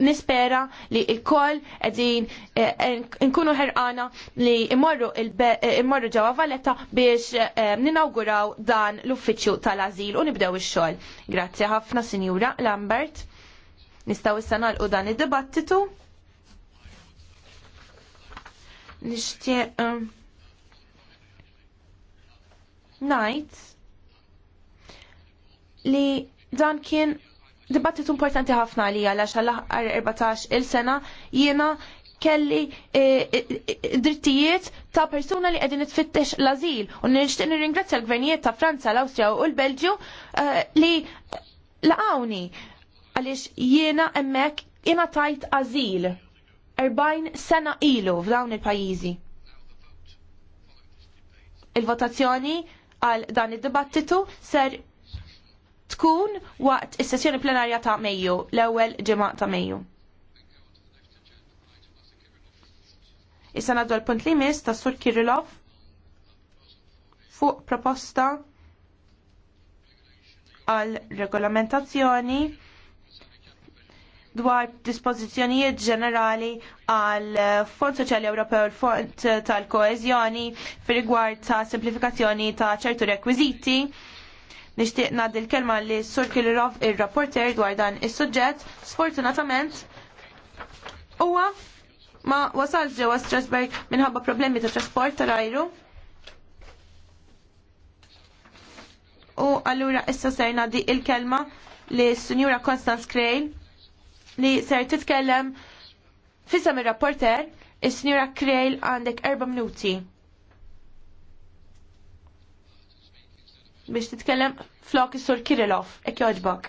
nispera li il-koll edin eh, nkunu ħerqana li imorru eh, imorru ġewwa Valletta biex eh, ninawguraw dan l-uffiċċju tal-azil u nibdew ix-xogħol. Grazzi ħafna Sinjura Lambert. Nistgħu issa nagħlqu dan id-dibattitu. Nixtieq um, ngħid li dan kien dibattit importanti ħafna li għalax għal 14 il-sena jiena kelli eh, eh, eh, drittijiet ta' persuna li għedin tfittex l-azil. U nishtin nirringrazzja l-gvernijiet ta' Franza, l-Austria u l-Belġju li laqawni għalix jiena emmek jiena tajt azil 40 sena ilu f'dawn il-pajizi. Il-votazzjoni għal dan id-dibattitu ser tkun waqt is-sessjoni plenarja ta' Mejju, l-ewwel ġimgħa ta' Mejju. Issa nagħdu l-punt li mis ta' Sur Kirillov fuq proposta għal regolamentazzjoni dwar dispożizzjonijiet ġenerali għal Fond Soċjali Ewropew u l-Fond tal-Koeżjoni fir rigward ta' simplifikazzjoni ta' ċertu rekwiżiti Nixtieq ngħaddi l-kelma li Sur Kilirov ir-rapporter dwar dan is-suġġett. Sfortunatament huwa ma wasal ġewwa Strasburg minħabba problemi ta' trasport tal-ajru. U allura issa ser ngħaddi l kelma li s-Sinjura Constance Crane li ser titkellem fisem ir rapporter is-Sinjura Crane għandek erba' minuti. biex titkellem flok is-sur Kirillov, ek joġbok.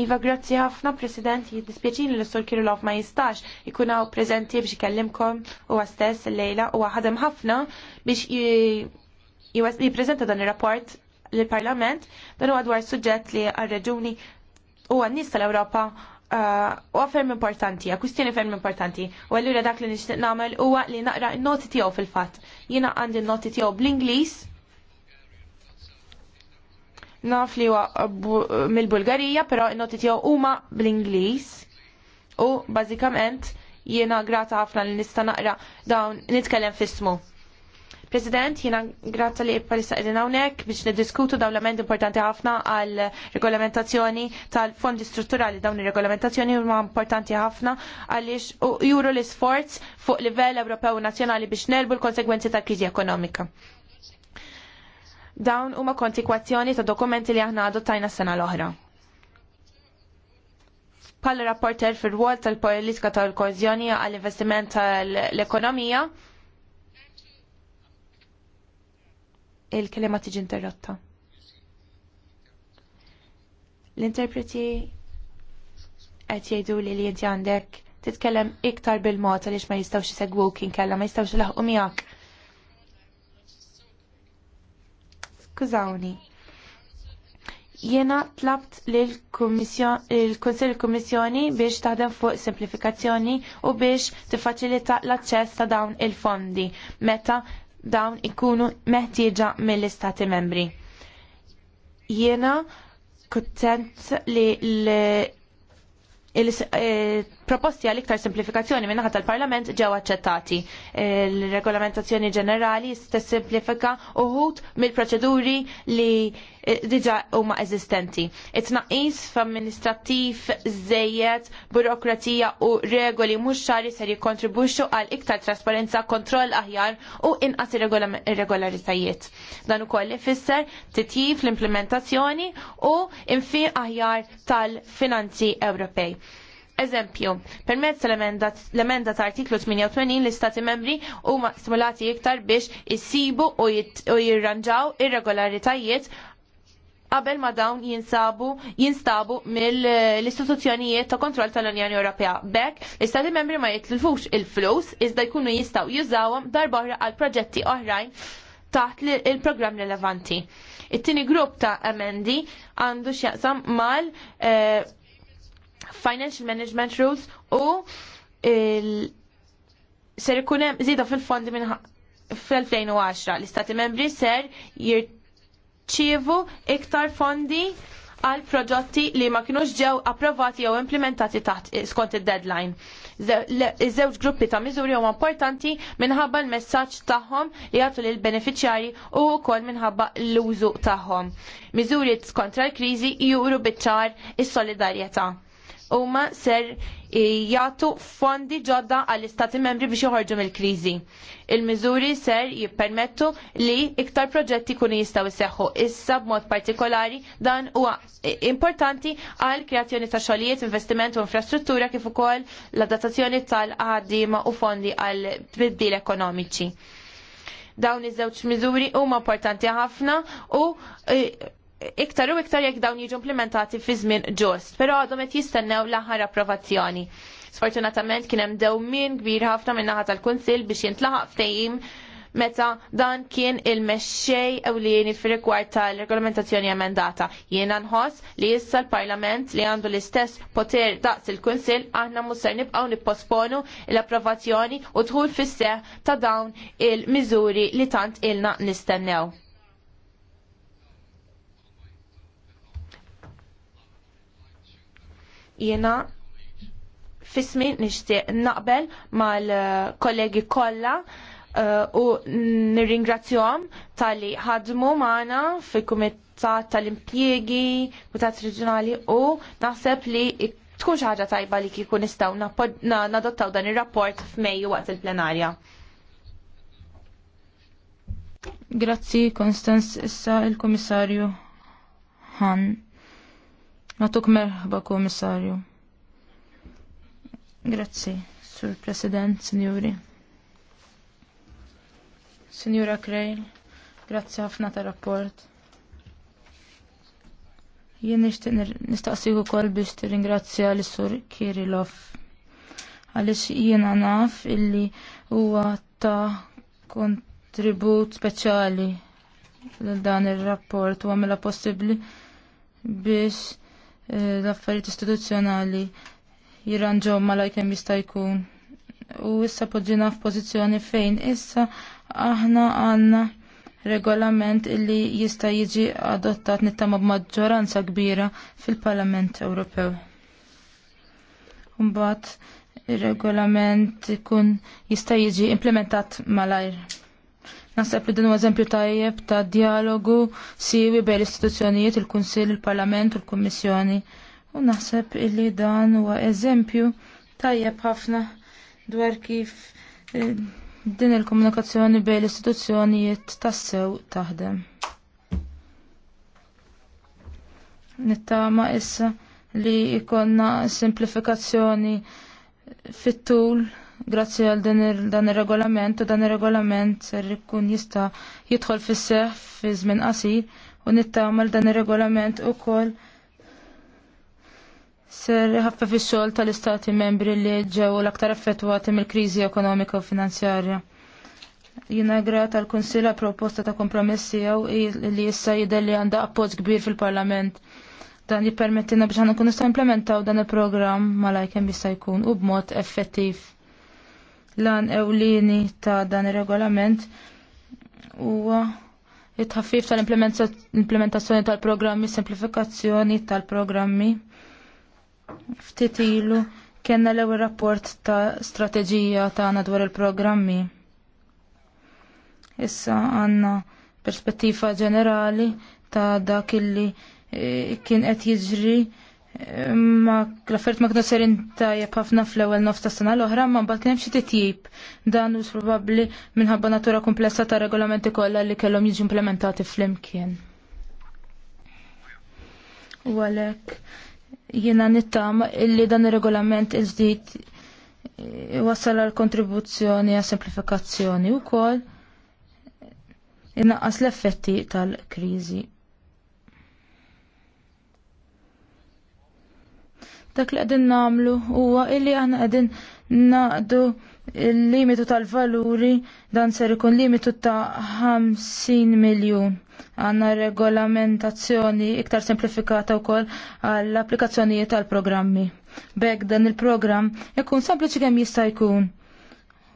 Iva, grazzi ħafna, President, jiddispjaċini li sur Kirillov ma jistax ikunaw prezenti biex jikellimkom u għastess l-lejla u għadem ħafna biex jiprezenta dan il-rapport l-Parlament dan huwa dwar suġġett li għal-reġuni u għannis nies tal-Ewropa u ferm importanti, kwistjoni ferm importanti. U għallura dak li nixtieq nagħmel huwa li naqra n-noti tiegħu fil-fatt. Jiena għandi n-noti tiegħu bl-Ingliż. Naf li huwa mill-Bulgarija, però n-noti tiegħu huma bl-Ingliż. U bażikament jiena grata ħafna li nista' naqra dawn nitkellem fismu. smu President, jina grazza li palissa edina hawnhekk biex niddiskutu dawn l amend importanti ħafna għal regolamentazzjoni tal-fondi strutturali dawn ir-regolamentazzjoni huma importanti ħafna għaliex juru l-isforz fuq livell Ewropew nazzjonali biex nelbu l-konsegwenzi tal-kriżi ekonomika. Dawn huma kontikwazzjoni ta' dokumenti li aħna adottajna s-sena l-oħra tal-politika rapporter fil wol tal-politika tal-kozjoni għall-investiment tal-ekonomija, il-kelema tiġi interrotta. L-interpreti qed jgħidu li li inti għandek titkellem iktar bil-mod għaliex ma jistgħux isegwuk inkella ma jistgħux ilaħqu miegħek. Skużawni. Jiena tlabt l-Konsil Kummissjoni biex taħdem fuq simplifikazzjoni u biex tiffaċilita l-aċċess ta' dawn il-fondi meta dawn ikunu meħtieġa mill-istati membri. Jiena kuntent li l eh, proposti għal iktar simplifikazzjoni minn naħat tal-Parlament ġew aċċettati. Il-regolamentazzjoni ġenerali simplifika uħut mill-proċeduri li eh, diġa huma eżistenti. It-tnaqqis f'amministrattiv żejjed, burokratija u regoli mhux ċari ser jikkontribwixxu għal iktar trasparenza, kontroll aħjar u inqas irregolaritajiet. Dan ukoll ifisser titjif l-implementazzjoni u infi aħjar tal-finanzi Ewropej. Eżempju, permezz l-emenda ta' artiklu 88 l-Istati membri huma stimulati iktar biex issibu u jirranġaw irregolaritajiet qabel ma dawn jinsabu jinstabu mill-istituzzjonijiet ta' kontroll tal-Unjoni Ewropea. Bekk, l-Istati membri ma jitlfux il-flus iżda jkunu jistaw jużawhom darbohra għal proġetti oħrajn taħt il-programm relevanti. It-tieni grupp ta' emendi għandu x'jaqsam mal eh, financial management rules u il ser ikun hemm żieda fil-fondi minn fl-2010 l-istati membri ser jirċievu iktar fondi għal proġetti li ma kienux ġew approvati jew implementati taħt skont id-deadline. Iż-żewġ gruppi ta' miżuri huma importanti minħabba l-messaġġ tagħhom li jagħtu lil benefiċjarji u wkoll minħabba l-użu tagħhom. Miżuri skontra l-kriżi juru biċ-ċar is-solidarjetà huma ser eh, jagħtu fondi ġodda għall-istati membri biex joħorġu mill-kriżi. Il-miżuri ser jippermettu li iktar proġetti kunu jistgħu jseħħu. Issa b'mod partikolari dan huwa eh, importanti għal kreazzjoni ta' xogħlijiet, investiment u infrastruttura kif ukoll l-adattazzjoni tal-ħaddiema u fondi għal tbiddil ekonomiċi dawn iż-żewġ miżuri huma importanti ħafna u eh, iktar u iktar jekk dawn jiġu implementati fi żmien ġust, però għadhom qed jistennew l-aħħar approvazzjoni. Sfortunatament kien hemm dewmien kbir ħafna minn naħa tal-Kunsill biex jintlaħaq ftehim meta dan kien il-mexxej ewlieni fir-rigward tal-regolamentazzjoni emendata. Jiena nħoss li issa l-Parlament li għandu l-istess poter daqs il-Kunsill aħna musser nibqgħu nipposponu l-approvazzjoni u dħul fis-seħ ta' dawn il-miżuri li tant ilna nistennew. Jena fismi nixtieq naqbel mal-kollegi kollha uh, u nirringrazzjom tali ħadmu maħna fil-Kumitat tal-Impjiegi, Kumitat Reġjonali u naħseb li tkun xi ħaġa tajba li kieku nistgħu nadottaw dan ir-rapport f'Mejju waqt il-plenarja. Grazzi Konstanz issa il-Komissarju Han. Natuk merħba, komissarju. Grazzi, Sur President, signori. Signora Krejl, grazzi ħafna ta' rapport. Jien nistaqsik ukoll biex tirringrazzja l sur Kirilov għaliex jiena naf illi huwa ta' kontribut speċjali l dan ir-rapport u għamela possibbli biex l-affarijiet istituzzjonali jirranġaw malaj kemm jista' jkun. U issa poġġina f'pożizzjoni fejn issa aħna għandna regolament illi jista' jiġi adottat nittama b'maġġoranza kbira fil-Parlament Ewropew. Mbagħad ir-regolament ikun jista' jiġi implementat malajr. Naħseb li din huwa eżempju tajjeb ta' dialogu siwi bejn l-istituzzjonijiet, il-Kunsill, il-Parlament u l-Kummissjoni. U naħseb li dan huwa eżempju tajjeb ħafna dwar kif eh, din il-komunikazzjoni bejn l-istituzzjonijiet tassew taħdem. Nittama issa li ikonna simplifikazzjoni fit-tul grazzi għal dan ir-regolament u dan ir-regolament ser ikun jista' jidħol fis-seħ fi żmien qasir u nittamal dan ir-regolament ukoll ser ħaffef ix-xogħol tal-istati membri li ġew l-aktar affettwati mill-kriżi ekonomika u finanzjarja. Jina grat għal proposta ta' kompromessi għaw li jissa jidher li għandha appoġġ kbir fil-Parlament. Dan jippermettina biex ħana kunu sta' implementaw dan il-programm malajkem jista' jkun u b'mod effettiv lan ewlieni ta' dan ir-regolament huwa it-ħaffif tal-implementazzjoni tal-programmi, semplifikazzjoni tal-programmi. Ftit ilu kena l-ewwel rapport ta' strateġija tagħna dwar il-programmi. Issa għandna perspettiva ġenerali ta' dak illi eh, kien qed jiġri ma l-affert ma kienu serin tajjeb ħafna fl-ewwel nofs ta' sena l-oħra ma mbagħad kien hemm xi titjib dan hux probabbli minħabba natura komplessa ta' regolamenti kollha li kellhom jiġu implementati flimkien. U għalhekk jiena nittama illi dan ir-regolament il-ġdid wassal għal kontribuzzjoni għal semplifikazzjoni wkoll innaqqas l-effetti tal-kriżi. Dak li qegħdin nagħmlu huwa illi għan qegħdin naqdu il-limitu tal-valuri dan ser ikun limitu ta' 50 miljun. Għanna regolamentazzjoni iktar semplifikata wkoll għall-applikazzjonijiet tal-programmi. Bek dan il-programm jekun sempliċi kemm jista' jkun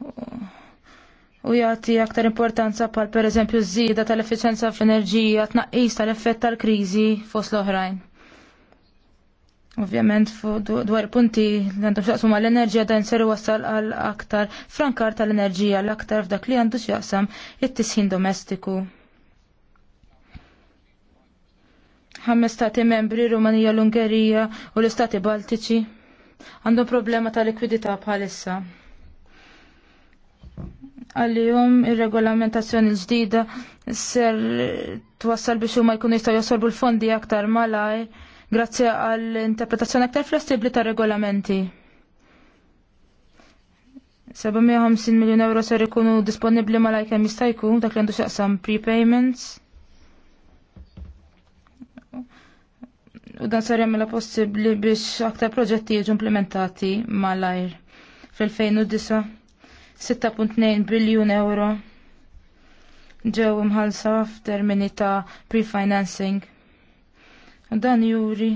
u jagħti aktar importanza pal pereżempju zida tal efficienza f'enerġija enerġija tnaqqis tal-effett tal-kriżi fost l-oħrajn. Ovvjament dwar punti li għandhom xaqsum għall enerġija dan seru wasal għal aktar frankar tal-enerġija l-aktar f'dak li għandu xaqsam it-tisħin domestiku. Ħames stati membri Rumanija l-Ungerija u l-Istati Baltiċi għandhom problema ta' likwidità bħalissa. għal ir-regolamentazzjoni l-ġdida ser twassal biex huma jkunu jistgħu jasorbu l-fondi aktar malaj grazzi għall-interpretazzjoni aktar flessibbli tar regolamenti. 750 miljon euro ser ikunu disponibli ma jista' jkun dak li għandu xaqsam prepayments. U dan ser jagħmilha possibbli biex aktar proġetti jiġu implementati lajr. Fil-2009 6.2 biljun euro ġew imħallsa f'termini ta' pre-financing Dan juri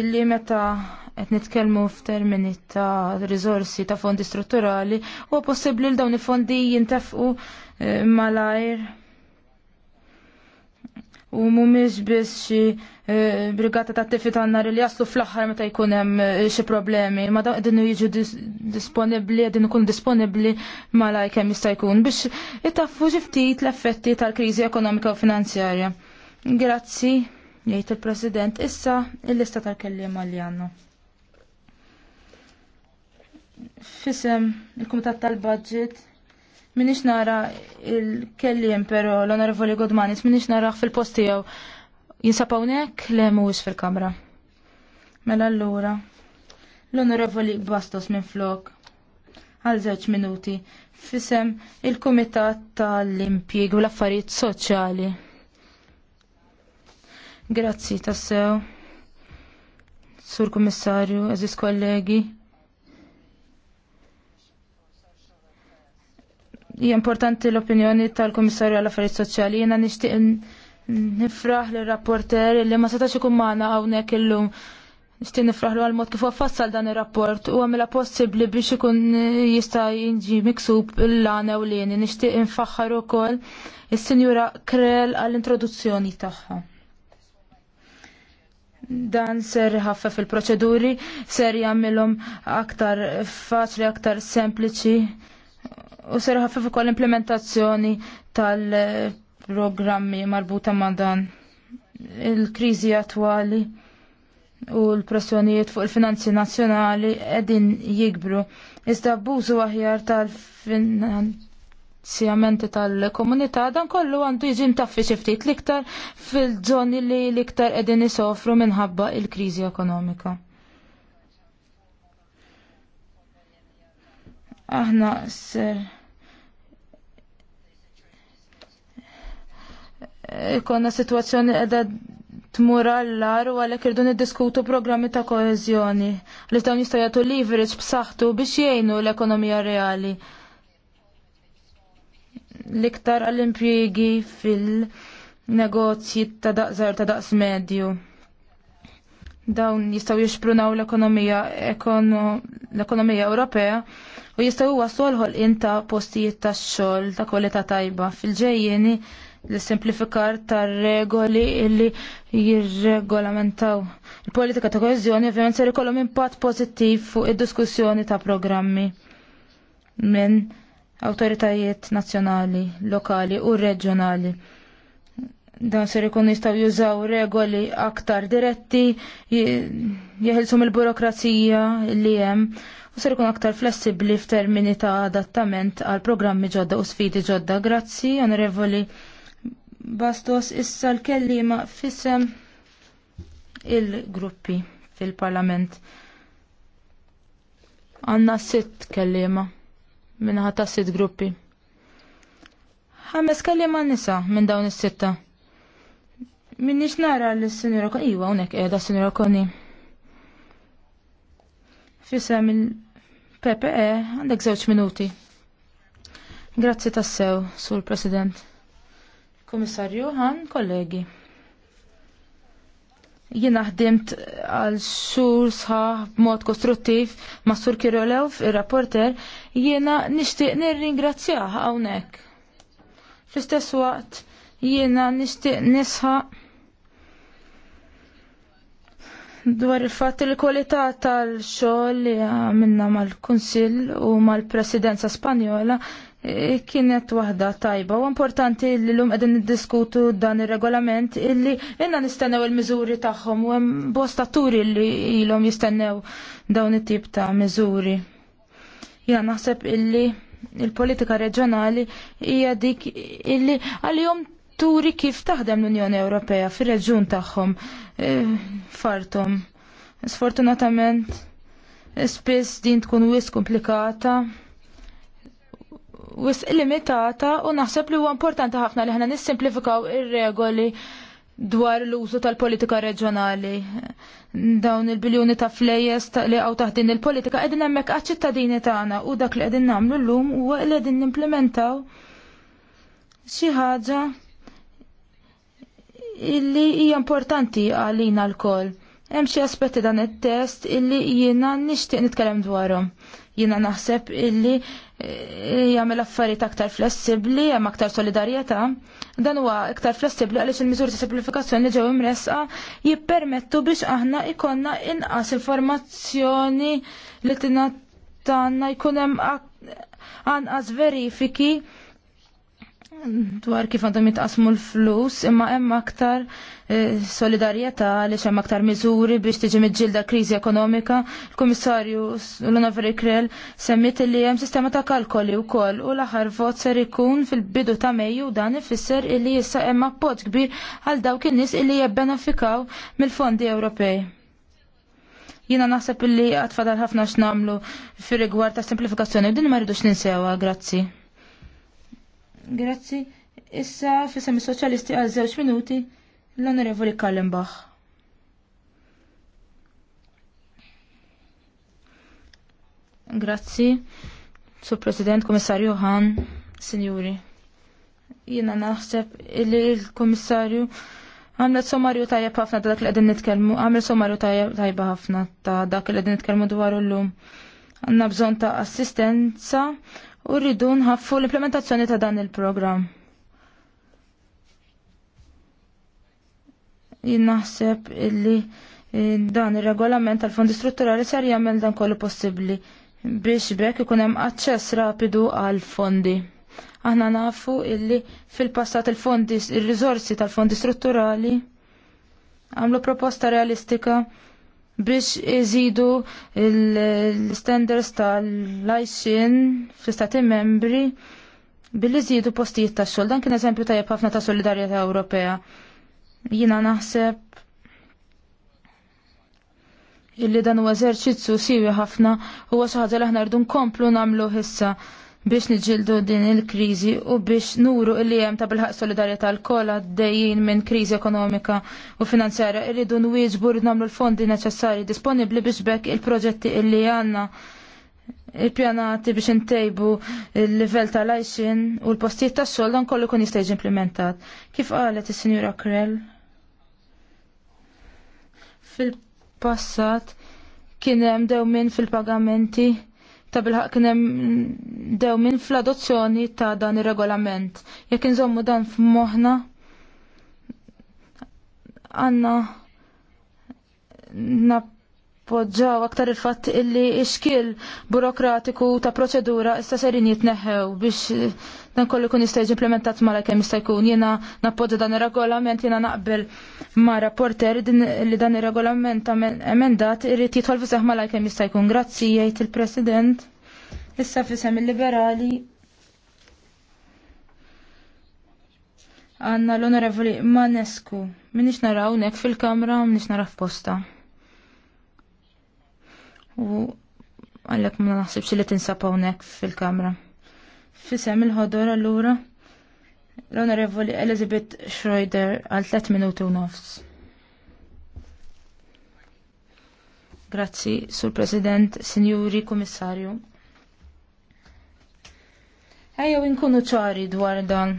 illi meta qed nitkellmu f'termini ta' riżorsi ta' fondi strutturali huwa possibbli l dawn il-fondi jintefqu eh, malajr u mhumiex biss xi eh, brigata ta' attività nar li jaslu fl-aħħar meta jkun hemm eh, xi problemi, ma dawn qegħdin jiġu disponibbli, qegħdin ikunu disponibbli malajr kemm jista' jkun biex itaffu xi ftit l-effetti tal-kriżi ekonomika u finanzjarja. Grazzi, jgħid il-President, issa il-lista tal-kelliem li għannu. Fisem il-Kumitat tal-Budget minix nara il-kellim, pero l-onorevoli Godmanis, minix nara fil-post għaw, Jinsapawnek le mux fil-kamra. Mela allura. L-onorevoli Bastos minn flok. Għal zeċ minuti. Fisem il-Kumitat tal-Impjeg u l-Affarijiet Soċjali. Grazzi tassew. Sur Kummissarju, eżis kollegi. Hija importanti l-opinjoni tal-Kummissarju għal affarijiet Soċjali. Jiena nixtieq nifraħ l rapporter li ma setax ikun magħna hawnhekk illum. Nixtieq nifraħlu għal mod kif affassal dan ir-rapport u għamilha mela possibbli biex ikun jista' jinġi miksub il-lana u lini. Nixtieq infaħħar ukoll is-Sinjura Krell għall-introduzzjoni tagħha dan ser ħaffef fil-proċeduri, ser jagħmilhom aktar faċli, aktar sempliċi u ser ħaffef u l-implementazzjoni tal-programmi marbuta ma' dan il-kriżi attwali u l-pressjonijiet fuq il-finanzi nazzjonali qegħdin jikbru. Iżda abbużu aħjar tal-finanzi finanzjamenti tal-komunità dan kollu għandu jiġi mtaffi xi ftit l-iktar fil-żoni li l-iktar qegħdin isofru minħabba il-kriżi ekonomika. Aħna ser ikonna situazzjoni qiegħda tmur għallar u għalek irdu niddiskutu programmi ta' koezjoni li dawn jista' jagħtu leverage b'saħħtu biex jgħinu l-ekonomija reali l-iktar għall-impjiegi fil-negozji ta' daqżar ta' daqs medju. Dawn jistaw jixprunaw l-ekonomija l-ekonomija Ewropea u jistaw waslu l ta' postijiet ta' xogħol ta' kwalità tajba. Fil-ġejjeni l-simplifikar ta' regoli illi jirregolamentaw. Il-politika ta' koezjoni ovvijament ser ikollhom impatt pożittiv fuq id-diskussjoni ta' programmi minn awtoritajiet nazzjonali, lokali u reġjonali. Dan ser ikun jistgħu jużaw regoli aktar diretti, jeħilsum il-burokrazija li hemm u ser ikun aktar flessibbli f'termini ta' adattament għal programmi ġodda u sfidi ġodda. Grazzi, onorevoli Bastos, issa l-kellima fissem il-gruppi fil-parlament. Għanna sitt kellima minnaħat ta' sitt gruppi. Ħames kalima nisa minn dawn is-sitta. Minnix nara l-sinjora Koni, iwa unek edha sinjora Koni. Fisa mill e, għandek żewġ minuti. Grazzi tassew, Sur President. Komissarju Han, kollegi. Jina ħdimt għal xur sħaħ b'mod kostruttiv ma' Sur Kirolew, il-rapporter, jina nishtiq nir-ringrazzjaħ għawnek. Fl-istess waqt, jina nishtiq nisħa dwar il-fat il-kualità tal-xogħol li għamilna mal-Kunsill u mal-Presidenza Spanjola E, kienet waħda tajba u importanti li l-lum għedin diskutu dan il-regolament illi inna nistennew il-mizuri tagħhom u hemm bosta turi li ilhom jistennew dawn it-tip ta' miżuri. Jina naħseb illi il-politika reġjonali hija dik illi għal-jom turi kif taħdem l-Unjoni Ewropea fir-reġjun tagħhom e, fartom. Sfortunatament spiss din tkun wis komplikata wis limitata u naħseb li huwa importanti ħafna li ħna nissimplifikaw ir-regoli dwar l-użu tal-politika reġjonali. Dawn il-biljuni ta' flejes li għaw taħdin il-politika qegħdin hemmhekk għacċittadini ċittadini tagħna u dak li qegħdin nagħmlu llum huwa u qegħdin nimplementaw xi ħaġa illi hija importanti għalina l-koll. Hemm xi aspetti dan it-test illi jiena nixtieq nitkellem dwarhom. Jina naħseb illi eh, jagħmel affarijiet aktar flessibbli, hemm aktar solidarjetà. Dan huwa aktar flessibbli għaliex il-miżuri ta' simplifikazzjoni ġew imresqa jippermettu biex aħna ikonna inqas informazzjoni li tingħatanna jkun hemm anqas verifiki dwar kif għandhom jitqasmu l-flus, imma hemm aktar eh, solidarjetà għaliex hemm aktar miżuri biex tiġi miġġilda kriżi ekonomika. Il-Kummissarju Luna Verikrel semmit li hemm sistema ta' kalkoli wkoll u l-aħħar vot ser ikun fil-bidu ta' Mejju dan ifisser illi issa hemm appoġġ kbir għal dawk in-nies illi jibbenefikaw mill-fondi Ewropej jina naħseb illi għatfadal ħafna x'namlu fir rigward ta' simplifikazzjoni u din ma rridux ninsewha, grazzi. Grazzi. Issa fissem soċjalisti għal żewġ minuti l-Onorevoli Kallenbach. Grazzi, Sur President, Komissarju Han, Sinjuri. Jiena naħseb illi l-Komissarju għamlet sommarju tajjeb ħafna ta' dak li qegħdin nitkellmu, għamlet sommarju tajba ħafna ta' dak li qegħdin nitkellmu l llum. Għanna bżonn ta' assistenza u rridu nħaffu l-implementazzjoni ta' dan il-programm. Jinnaħseb illi eh, dan ir-regolament tal-fondi strutturali ser jagħmel dan kollu possibbli biex bekk ikun hemm aċċess rapidu għal fondi. Aħna nafu illi fil-passat il-fondi ir-riżorsi tal-fondi strutturali għamlu proposta realistika biex iżidu l-standards tal-lajxin fl-istati membri billi iżidu postijiet ta' xogħol. Dan kien eżempju tajjeb ħafna ta' solidarjetà Ewropea. Jiena naħseb illi dan huwa eżerċizzju siwi ħafna huwa xi ħaġa li aħna rdu nkomplu nagħmluh issa biex niġildu din il-krizi u biex nuru il-li hemm ta' bilħaq solidarjetà l kol dejjin minn krizi ekonomika u finanzjarja irridu nwieġbu rridu nagħmlu l-fondi neċessarji disponibbli biex bekk il-proġetti illi għandna il-pjanati biex intejbu il-livell tal-għajxin u l-postijiet ta' xogħol dan kollu kun jista' jiġi implementat. Kif qalet is-Sinjura Krell? Fil-passat kien hemm dewmin fil-pagamenti ta' bil kien hemm dew minn fl-adozzjoni ta' dan ir-regolament. Jekk inżommu dan f'moħħna għandna nappoġġaw aktar il-fatt illi x-xkiel burokratiku ta' proċedura issa serin jitneħħew biex dan kollu kun jista' jiġi implementat mara kemm jista' jkun. Jiena nappoġġa dan ir-regolament, jiena naqbel ma' rapporter li dan ir-regolament emendat irid jidħol fi seħ mara kemm jista' jkun. Grazzi jgħid il-President. Issa fisem il-liberali għanna l-onorevoli Manescu. Minix nara unek fil-kamra, minix f f'posta. U għallek ma naħsibx li tinsapaw unek fil-kamra. fil-kamra. Fisem il-ħodor allura l-Onorevoli Elizabeth Schroeder għal 3 minuti u nofs. Grazzi, Sur President, Signori Komissarju. Ejjew inkunu ċari dwar dan.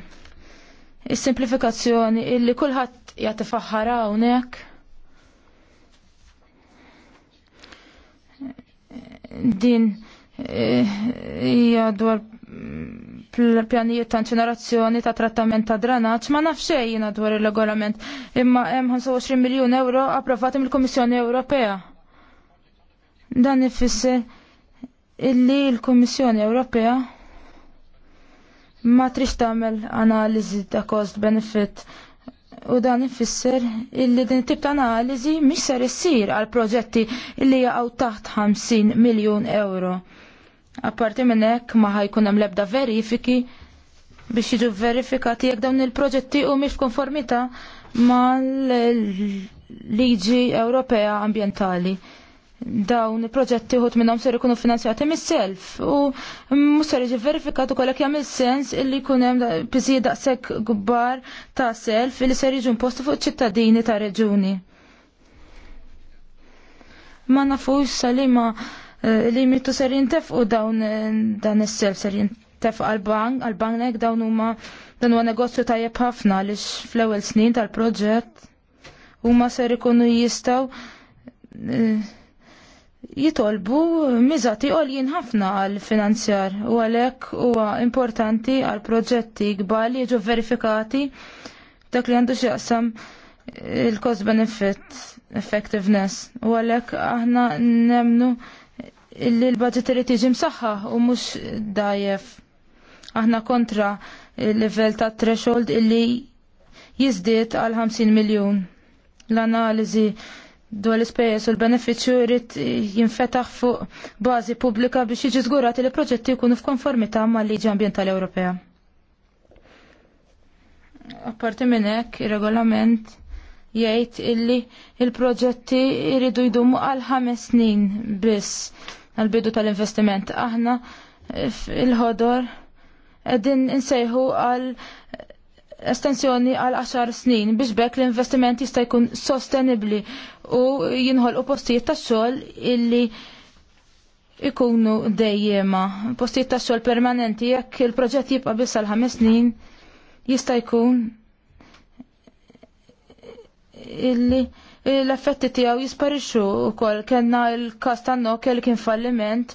Is-simplifikazzjoni illi kulħadd jagħti faħħara hawnhekk. Din eh, hija dwar pjanijiet ta' inċinerazzjoni ta' trattament ta' dranaċ ma nafx jiena dwar il-regolament imma hemm 25 miljun euro approvati mill-Kummissjoni Ewropea. Dan ifisser illi l-Kummissjoni Ewropea ma trix tagħmel analiżi ta' cost benefit u dan ifisser illi din tip ta' analiżi mhix ser issir għal proġetti illi jaqgħu taħt 50 miljun euro. Apparti minn hekk ma ħajkun hemm l-ebda verifiki biex jiġu verifikati jekk dawn il-proġetti u mhix konformità mal-liġi Ewropea ambjentali. Dawn il-proġetti uħut minnhom ser ikunu finanzjati mis-self u mhux ser jiġi verifikat ukoll jekk il sens illi jkun hemm biżi daqshekk kbar ta' self li ser jiġu impostu fuq ċittadini ta' reġuni. Ma nafux salima ma Eh, li mittu ser jintefqu dawn eh, dan is-self ser jintefq għal-bank, għal-bank dawn huma dan huwa negozju tajjeb ħafna għaliex fl-ewwel snin tal-proġett huma ser ikunu jistgħu eh, jitolbu miżati għoljien ħafna għal finanzjar u għalhekk huwa importanti għal proġetti kbar li jiġu verifikati dak li għandu x'jaqsam il-cost benefit effectiveness u għalhekk aħna nemnu illi l-budget irid jiġi msaħħa u mhux dajjef. Aħna kontra il livell ta' threshold illi jiżdied għal 50 miljun. L-analiżi dwar l-ispejjeż u l-benefiċċju jrid jinfetaħ fuq bażi pubblika biex jiġi żgurat li proġetti jkunu f'konformità mal-liġi ambjentali Ewropea. Apparti minn hekk, ir-regolament jgħid illi il-proġetti jridu jdumu għal ħames snin biss għal-bidu tal-investiment. Aħna il-ħodor għedin insejħu għal estensjoni għal 10 snin biex bekk l-investiment jista' jkun sostenibli u jinħolqu postijiet tax-xogħol illi ikunu dejjema. Postijiet tax-xogħol permanenti jekk il-proġett jibqa' biss għal 5 snin jista' jkun illi l-effetti tiegħu jisparixxu wkoll kellna l-każ tan nokel kien falliment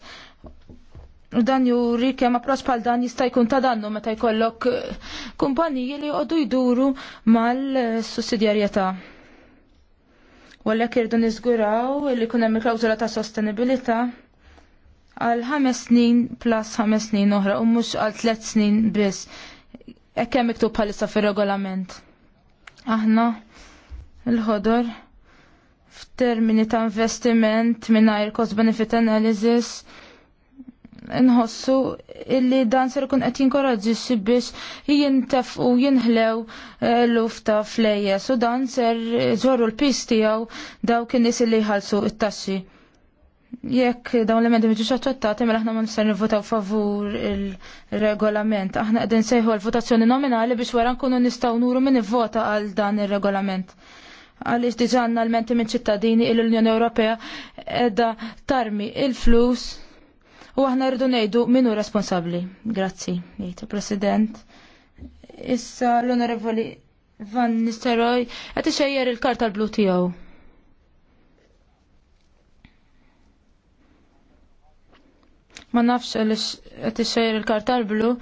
U dan juri kemm approċ bħal dan jista' jkun ta' dannu meta jkollok eh, kumpaniji li jqogħdu jduru mal-sussidjarjetà. Wallek irdu niżguraw li jkun hemm klawżola ta' sostenibilità għal ħames snin plus ħames snin oħra u mhux għal tliet snin biss. Hekk hemm miktub bħalissa fir-regolament. Aħna l-ħodor f'termini ta' investiment mingħajr cost benefit analysis nħossu illi dan ser ikun qed jinkoraġġi biex jintef u jinħlew eh, lufta flejjes u dan ser ġorru l-pis tiegħu dawk in-nies illi jħallsu it-taxxi. Jekk dawn l-emendi miġux aċċettati mela aħna ma nistgħu nivvotaw favur il-regolament. Aħna qegħdin sejħu l-votazzjoni nominali biex wara nkunu nistgħu nuru min ivvota għal dan ir-regolament għaliex diġà għandna l-menti minn ċittadini l unjoni Ewropea edda tarmi il-flus u aħna rridu ngħidu min hu responsabbli. Grazzi, jgħid President. Issa l-Onorevoli Van Nisteroj qed ixejjer il-karta l-blu tiegħu. Ma nafx għaliex qed ixejjer il-karta l-blu.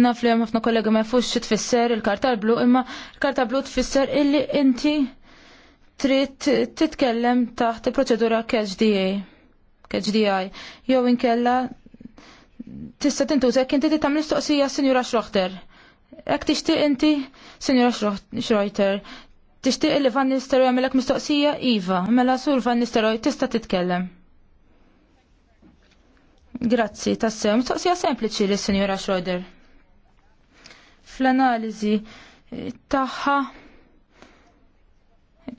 Naf li hemm ħafna kollega ma jafux xit fisser il-karta blu, imma il-karta blu tfisser illi inti trid titkellem taħt il-proċedura KHDA. KHDI. Jew inkella tista' zek inti tagħmel mistoqsija senjura xroħter. Ek tixtieq inti senjura xroħter. Tixtieq illi Van Nistelrooy jagħmelek mistoqsija Iva, mela sur Van Nistelrooy tista' titkellem. Grazzi, tassew. Mistoqsija sempliċi lis senjura Schroeder fl-analiżi eh, tagħha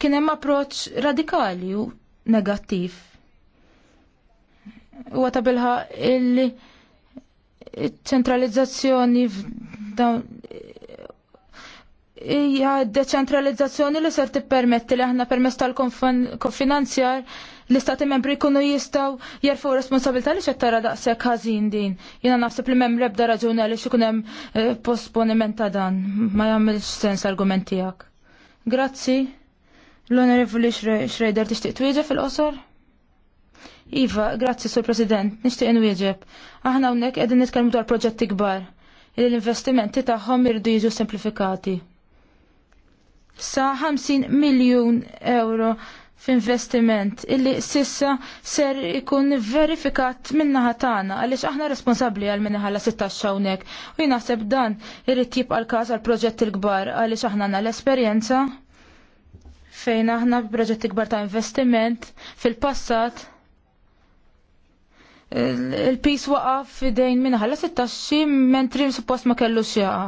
kien hemm approċċ radikali u negattiv. Huwa ta' bilħa illi ċentralizzazzjoni f'dawn hija deċentralizzazzjoni li ser tippermetti li aħna permezz tal konfinanzjar -konf l-istati membri kunu jistaw jarfu responsabilità li ċettara daqse kazin din. Jina naħseb li membri lebda raġuna li xikunem eh, posponiment ta' dan. Ma jammilx sens argumentijak. Grazzi. L-Onorevoli Schrader tixtiq twieġeb fil-qosor? Iva, grazzi, Sur President, nixtieq nwieġeb. Aħna hawnhekk qegħdin nitkellmu dwar proġetti kbar. l investimenti tagħhom irdu jiġu semplifikati. Sa 50 miljun euro f'investiment illi sissa ser ikun verifikat minna ħatana għaliex aħna responsabli għal minna ħalla 16 hawnhekk u jinaħseb dan irrid jibqa' għal każ għal proġett il-kbar għaliex aħna għandna l-esperjenza fejn aħna b'proġett kbar ta' investiment fil-passat il-pis waqaf fidejn minna ħalla 16 mentri suppost ma kellu xjaqa.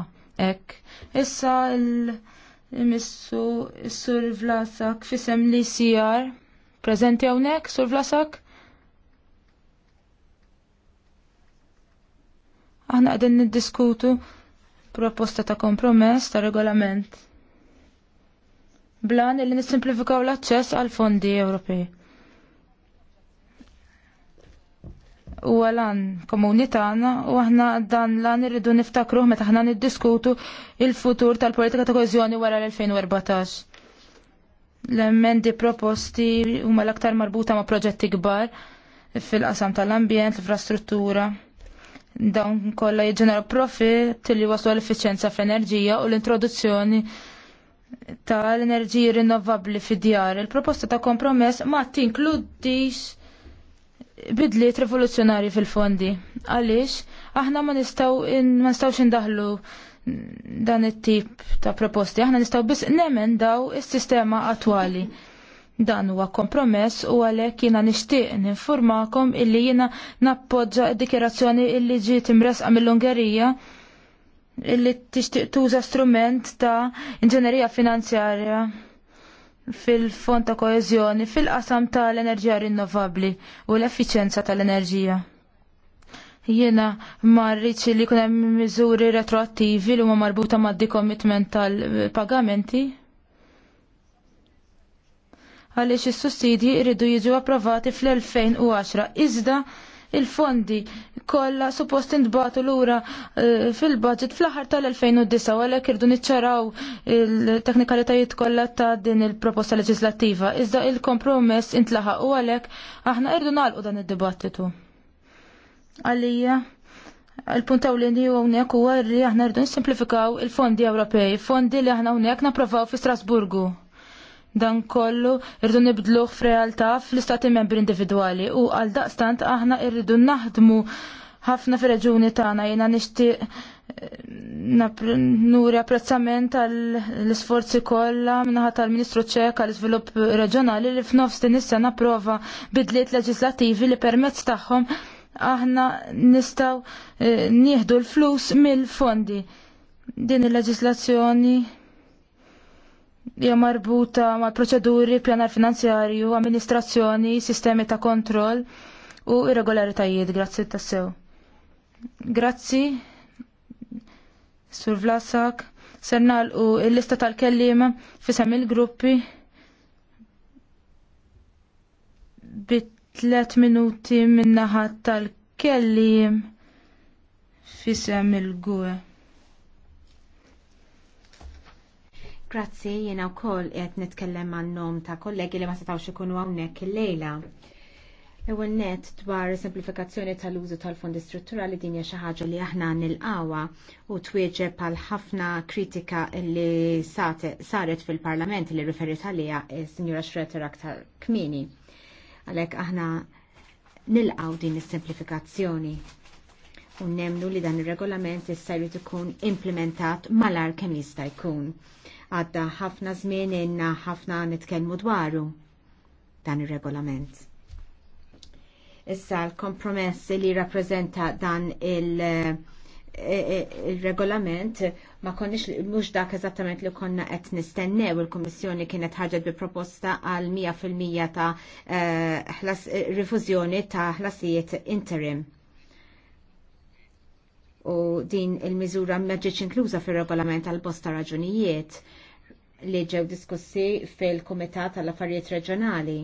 Ek. Issa il- Missu Sur Vlasak fisem li sijar. Prezenti hawnhekk, Sur Vlasak? Aħna qegħdin niddiskutu proposta ta' kompromess ta' regolament. Blan li nissimplifikaw l-aċċess għal fondi Ewropej. u għalan komunitana u aħna dan lan irridu niftakru meta aħna niddiskutu il-futur tal-politika ta' koezjoni wara l-2014. L-emmendi proposti huma l-aktar marbuta ma' proġetti kbar fil-qasam tal-ambjent, l-infrastruttura. Dawn kollha jiġġenera profit li waslu l-effiċenza f'enerġija enerġija u l-introduzzjoni tal-enerġiji rinnovabbli fid-djar. Il-proposta ta' kompromess ma tinkludix bidliet revoluzzjonarji fil-fondi. Għaliex, aħna ma nistaw ma nistawx indaħlu dan it-tip ta' proposti, aħna nistaw biss nemen daw is-sistema attwali. Dan huwa kompromess u għalhekk jiena nixtieq ninformakom illi jiena nappoġġa d-dikjerazzjoni illi ġiet imresqa mill-Ungerija illi tixtieq tuża strument ta' inġenerija finanzjarja fil-fond ta' koeżjoni fil-qasam tal-enerġija rinnovabbli u l-effiċenza tal-enerġija. Jiena marriċ li jkun hemm miżuri retroattivi li huma marbuta mad decommitment tal-pagamenti. Għaliex is-sussidji jridu jiġu approvati fl-2010 iżda il-fondi kollha suppost l lura eh, fil-budget fl-aħħar tal-2009 għalhekk irdu niċċaraw il-teknikalitajiet kollha ta' din il-proposta leġislattiva. Iżda il-kompromess intlaħaq u għalhekk aħna irdu nagħlqu dan id-dibattitu. Għalija, il-punt ewlieni hawnhekk huwa li aħna rridu nsimplifikaw il-fondi Ewropej, fondi li aħna hawnhekk napprovaw fi Strasburgu dan kollu irridu nibdluh f'realtà fl-istati membri individwali u għal daqstant aħna irridu naħdmu ħafna fir-reġuni tagħna jiena nixtieq eh, nuri apprezzament għall-isforzi kollha minnaħa tal-Ministru Ċek għall iżvilupp reġjonali li f'nofs din issa napprova bidliet leġislattivi li permezz tagħhom aħna nistgħu eh, nieħdu l-flus mill-fondi din il-leġislazzjoni hija marbuta mal proċeduri, pjanar finanzjarju, amministrazzjoni, sistemi ta' kontroll u irregolaritajiet. Grazzi tassew. Grazzi, Sur Vlasak, sernal u il-lista tal kellim fisem il-gruppi bi tlet minuti minnaħat tal-kellim fisem il-gwe. Grazzi, jena u koll jgħet nitkellem għannom ta' kollegi li ma setawx ikunu għawnek il-lejla. Ewwel net dwar semplifikazzjoni tal-użu tal-fondi strutturali din hija xi ħaġa li aħna nil-qawa u twieġeb għal ħafna kritika li saret fil-Parlament li riferit għalija s-Sinjura Xretter aktar kmini. Għalhekk aħna nil-qaw din is-semplifikazzjoni u nemnu li dan ir regolament issa jrid ikun implementat malar kemm jista' jkun għadda ħafna żmien inna ħafna nitkellmu dwaru dan ir-regolament. Issa l-kompromess li rappresenta dan il- eh, eh, regolament ma konniex mhux dak eżattament li konna qed nistennew il-Kummissjoni kienet ħaġet bi proposta għal 100% ta' eh, rifużjoni ta' ħlasijiet interim u din il-miżura ma inkluża fir-regolament għal bosta raġunijiet li ġew diskussi fil-Kumitat tal-Affarijiet Reġjonali.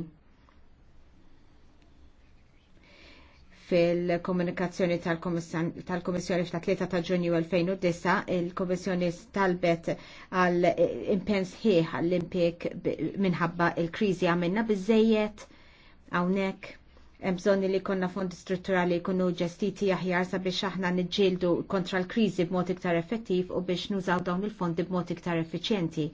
fil-komunikazzjoni tal-Komissjoni f'ta' 3 ta' ġunju 2009, il-Komissjoni talbet għal impens ħieħ għall impjeg minħabba il kriżi għamilna biżejjed għawnek bżonni li konna fondi strutturali jkunu ġestiti aħjar sabiex aħna niġġieldu kontra l-kriżi b'mod iktar effettiv u biex nużaw dawn il-fondi b'mod iktar effiċjenti.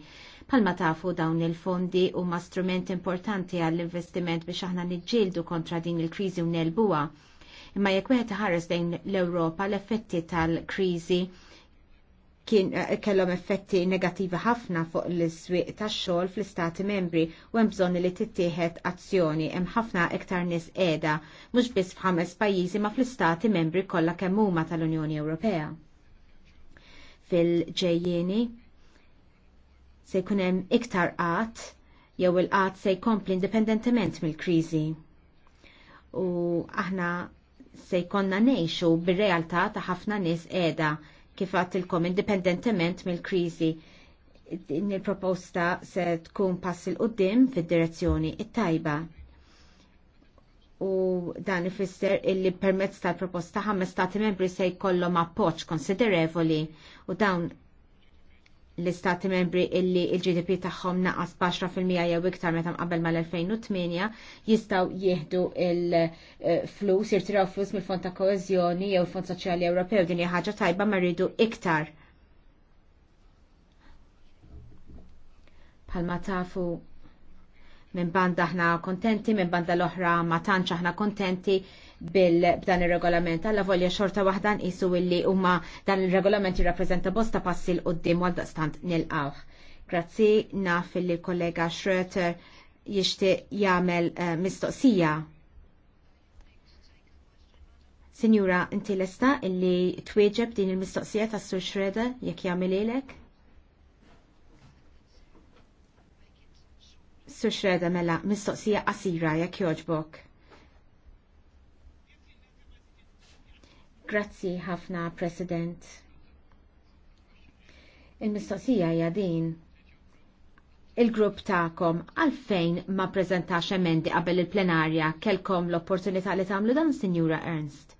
Palma tafu dawn il-fondi huma strument importanti għall-investiment biex aħna niġġieldu kontra din il-kriżi u nelbuwa. Imma jekk wieħed ħares lejn l-Ewropa l-effetti tal-kriżi kien eh, kellhom effetti negattivi ħafna fuq l-iswieq tax-xogħol fl-istati membri u hemm bżonn li tittieħed azzjoni hemm ħafna iktar nies qiegħda mhux biss f'ħames pajjiżi ma fl-istati membri kollha kemm huma tal-Unjoni Ewropea. Fil-ġejjieni se jkun hemm iktar qatt jew il-qatt se jkompli indipendentement mill-kriżi. U aħna se jkollna ngħixu bir-realtà ta' ħafna nies qiegħda kif għattilkom indipendentement mill-krizi. Din il-proposta se tkun pass il-qoddim fid-direzzjoni it-tajba u dan ifisser illi permezz tal-proposta ħames stati membri se jkollhom appoġġ konsiderevoli u dawn l-istati membri illi il-GDP taħħom naqas 10% jew iktar meta mqabel mal-2008 jistgħu jieħdu il-flus, jirtiraw flus mill-Fond ta' Koezjoni jew Fond Soċjali Ewropew din hija ħaġa tajba ma rridu iktar. Palma tafu minn banda aħna kontenti, minn banda l-oħra ma tantx aħna kontenti, bil il-regolament. Alla volja xorta wahda nqisu illi huma dan il-regolament jirrappreżenta bosta passi l qoddim għal daqstant nilqawh. Grazzi naf li kollega Schröter jixtieq jagħmel uh, mistoqsija. Sinjura, inti lesta illi twieġeb din il-mistoqsija tas Sur Schroeder jekk jagħmel ilek? Sur Schroeder mela mistoqsija qasira jekk jogħġbok. Grazzi ħafna, President. Il-mistoqsija hija din il-grupp ta'kom għalfejn ma ppreżentax emendi qabel il-plenarja kelkom l-opportunità li tagħmlu dan, Sinjura Ernst?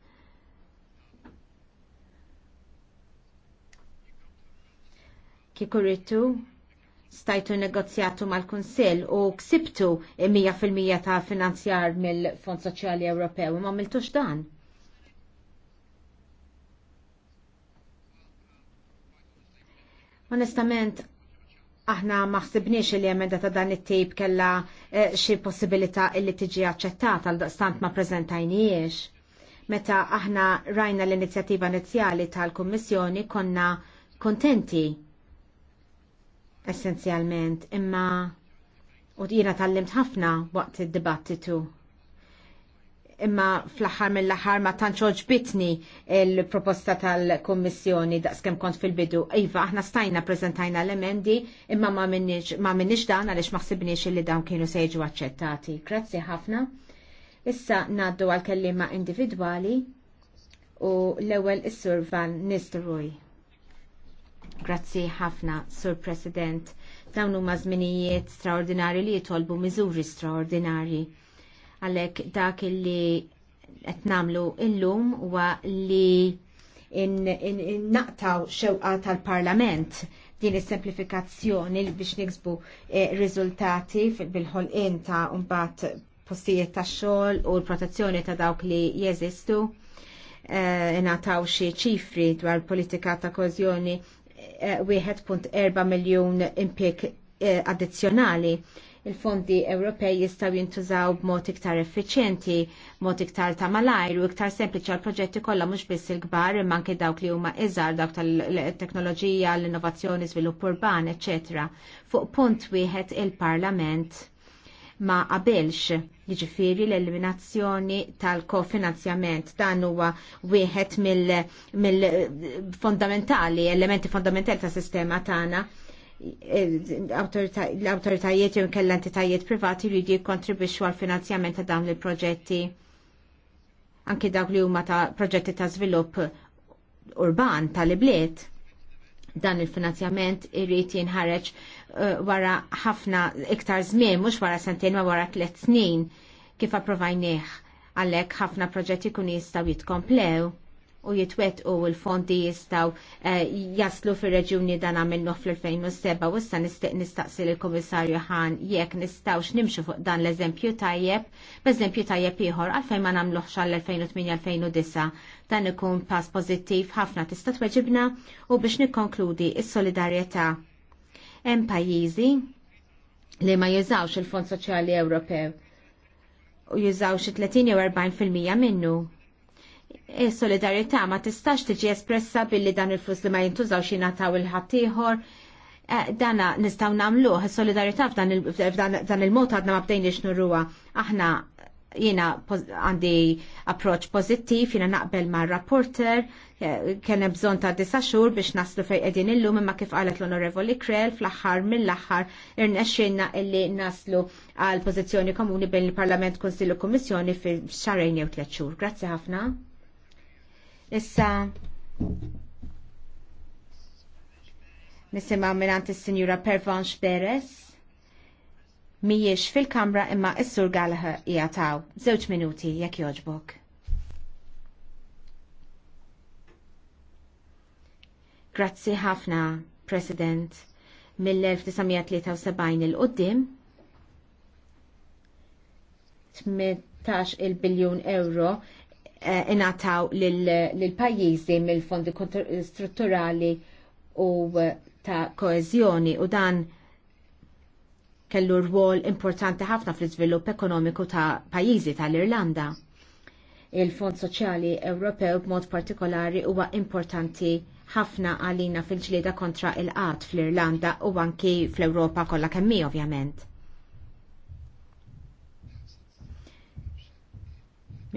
Kieku rritu, stajtu negozjatu mal-Kunsill u ksibtu 100% ta' finanzjar mill-Fond Soċjali Ewropew ma miltux dan. Onestament, aħna maħsibniex li emenda ta' dan it-tip kella eh, xi possibilità illi tiġi aċċettata għal daqstant ma prezentajniex. Meta aħna rajna l-inizjattiva inizjali tal-Kummissjoni konna kontenti essenzjalment imma u jiena tal-limt ħafna waqt id-dibattitu imma fl-aħħar mill-aħħar ma tantx oġbitni l-proposta tal-Kommissjoni daqskemm kont fil-bidu. Iva, aħna stajna preżentajna l-emendi imma ma minnix dan għaliex ma ħsibniex li dawn kienu se jiġu aċċettati. Grazzi ħafna. Issa naddu għal kelliema individwali u l-ewwel is-Sur Van Nistelrooy. Grazzi ħafna, Sur President. Dawn huma żminijiet straordinari li jitolbu miżuri straordinari Għalek dak li qed namlu illum huwa li naqtaw xewqa tal-Parlament din is-semplifikazzjoni biex niksbu eh, riżultati bil-ħolqien ta' mbagħad postijiet ta' xogħol u l-protezzjoni ta' dawk li jeżistu. Ingħataw eh, xi ċifri dwar politika ta' kozjoni 1.4 eh, miljun impjeg addizzjonali il-fondi Ewropej jistgħu jintużaw b'mod iktar effiċjenti, mod iktar ta' malajr u iktar sempliċi għal proġetti kollha mhux biss il-kbar imma anke dawk li huma iżgħar dawk tal-teknoloġija, l-innovazzjoni, żvilupp urban, eċetera. Fuq punt wieħed il-Parlament ma qabilx jiġifieri l-eliminazzjoni tal-kofinanzjament dan huwa wieħed mill-fondamentali, elementi fondamentali tas sistema tagħna l-autoritajiet jew kella entitajiet privati jridu jikkontribwixxu għal finanzjament ta' dawn il-proġetti anke dawk li huma ta' proġetti ta' żvilupp urban tal-ibliet dan il-finanzjament irrid jinħareġ uh, wara ħafna iktar żmien mhux wara sentejn ma wara tliet snin kif approvajnieh għalhekk ħafna proġetti kun jistgħu jitkomplew u jitwet u l-fondi jistaw eh, jaslu fir reġjuni dan għamilnu fl-2007 u issa nistaqsi l-Komissarju ħan jekk nistawx nimxu fuq dan l-eżempju tajjeb, b'eżempju tajjeb ieħor għalfejn ma nagħmluħx għall-2008-2009 dan ikun pass pożittiv ħafna tista' tweġibna u biex nikkonkludi is-solidarjetà. Hemm pajjiżi li ma jużawx il-Fond Soċjali Ewropew u jużaw 30 jew 40% minnu Is-solidarità ma tistax tiġi espressa billi dan il-flus li ma jintużawx nataw il-ħaddieħor eh, dana nistaw namluħ, solidarità f'dan il-mod għadna ma bdejniex nurruha. Aħna jiena għandi approċ pożittiv, jiena naqbel ma' rapporter, eh, kien hemm bżonn ta' disa xhur biex naslu fejn qegħdin illum imma kif qalet l-onorevoli Krell fl aħħar mill aħħar irnexxinna illi naslu għal pożizzjoni komuni bejn il-Parlament, u Kommissjoni fi xarajn jew tliet xhur. Grazzi ħafna. Issa nisimaw minant il sinjura Pervanx Beres mhijiex fil-kamra imma is sur Gallagher jgħataw. Żewġ minuti jekk jogħġbok. Grazzi ħafna, President, mill-1973 il-qoddim 18 il-biljun euro Eh, inataw lill-pajjiżi mill-fondi strutturali u eh, ta' koezjoni u dan kellu rwol importanti ħafna fl-iżvilupp ekonomiku ta' pajjiżi tal-Irlanda. Il-Fond Soċjali Ewropew b'mod partikolari huwa importanti ħafna għalina fil-ġlieda kontra il-qat fl-Irlanda u anki fl-Ewropa kollha kemmi ovvjament.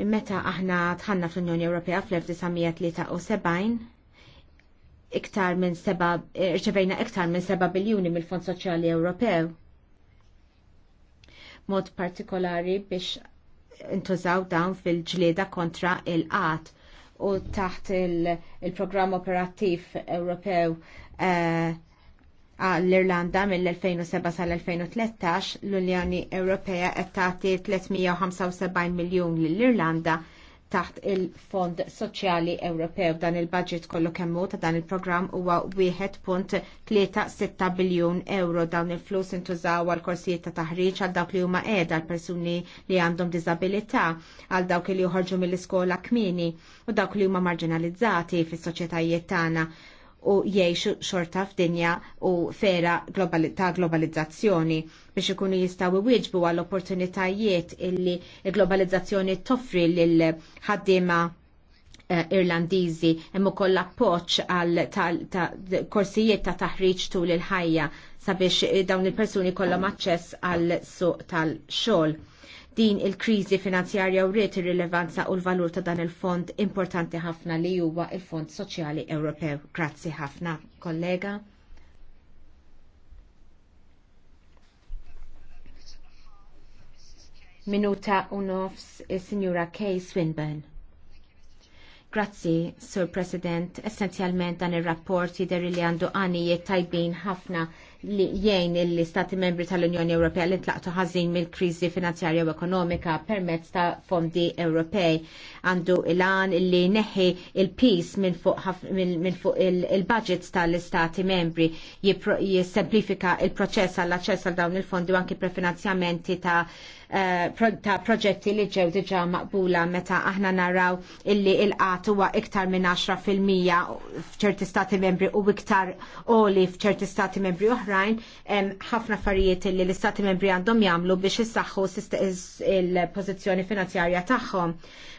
Minn meta aħna tħanna fl-Unjoni Ewropea fl-1973 iktar minn seba, irċevejna iktar minn seba biljuni mill-Fond Soċjali Ewropew. Mod partikolari biex intużaw dawn fil-ġlieda kontra il-qat u taħt il-Programm Operattiv Ewropew uh, l-Irlanda mill-2007 sal-2013 l-Unjoni Ewropea qed tagħti 375 miljun lill-Irlanda taħt il-Fond Soċjali Ewropew dan il-budget kollu kemmu ta' dan il-programm huwa 1.36 biljun euro dawn il-flus intużaw għal korsijiet ta' taħriġ għal dawk li huma qiegħda għal persuni li għandhom diżabilità għal dawk li joħorġu mill-iskola kmini u dawk li huma marginalizzati fis-soċjetajiet tagħna u jiex xorta f'dinja u fera globali ta' globalizzazzjoni biex ikunu jistaw iwieġbu għall opportunitajiet illi globalizzazzjoni toffri lil ħaddiema eh, Irlandiżi hemm ukoll appoġġ għal korsijiet ta' taħriġ tul il-ħajja sabiex dawn il-persuni kollhom aċċess għal suq tal-xogħol. Din il-kriżi finanzjarja u rrit ir-rilevanza u l-valur ta' dan il-fond importanti ħafna li huwa il-Fond Soċjali Ewropew. Grazzi ħafna, kollega. Minuta u nofs eh, Signora sinjura Kay Swinburne. Grazzi, Sur President. Essenzjalment dan ir rapport jider li għandu għanijiet tajbin ħafna li jgħin l istati membri tal-Unjoni Ewropea li tlaqtu ħażin mill-kriżi finanzjarja u ekonomika permezz ta' fondi Ewropej għandu il-għan li neħi il-pis minn fuq, min, fuq il-budgets il budgets il tal istati membri jissemplifika il-proċess għall-aċċess għal dawn il-fondi u anki prefinanzjamenti ta' eh, ta' proġetti li ġew diġa maqbula meta aħna naraw illi il-qat huwa iktar minn 10% f'ċerti stati membri u iktar oli f'ċerti stati membri oħra oħrajn hemm ħafna affarijiet li l-istati membri għandhom jagħmlu biex issaħħu il-pożizzjoni finanzjarja tagħhom.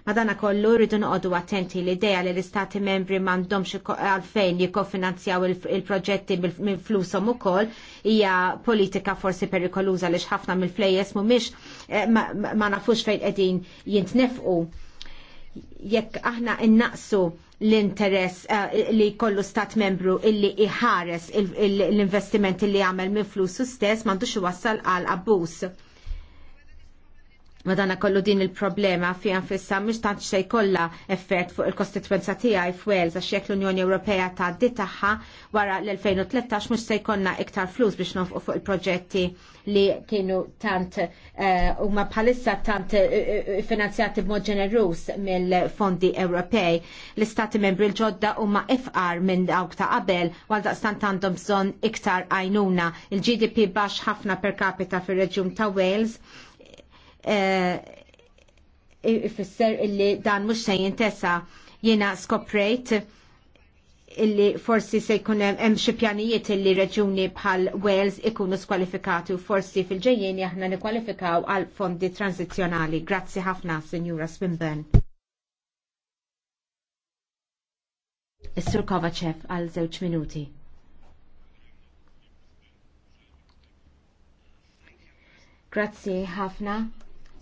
Madana kollu rridu noqogħdu attenti l idea li l-istati membri m'għandhomx għalfejn jikkofinanzjaw il-proġetti minn flushom ukoll hija politika forsi perikoluża li ħafna mill-flejjes mhumiex eh, ma nafux fejn qegħdin jintnefqu jekk aħna innaqsu l-interess eh, li kollu stat membru illi iħares l-investimenti li għamel minn flusu stess mandux iwassal għal abbuż madana kollu din il-problema fi għanfissa mux tant xej kolla effett fuq il-kostituenza tijaj f'Wales għax jekk l-Unjoni Ewropea ta' di taħħa wara l-2013 mux se jkollna iktar flus biex nofqu fuq il-proġetti li kienu tant eh, u ma bħalissa tant eh, eh, finanzjati b'mod ġenerus mill-fondi Ewropej. L-istati membri l-ġodda u ma ifqar minn dawk ta' qabel għal daqstant għandhom bżon iktar għajnuna. Il-GDP bax ħafna per capita fir reġjum ta' Wales Eh, ifisser illi dan mhux se jintesa jiena skoprejt illi forsi se jkun hemm xi pjanijiet illi reġuni bħal Wales ikunu skwalifikati u forsi fil-ġejjien aħna nikwalifikaw għal fondi tranzizzjonali. Grazzi ħafna, Sinjura Swinburne. Is-Sur Kovacev għal żewġ minuti. Grazzi ħafna,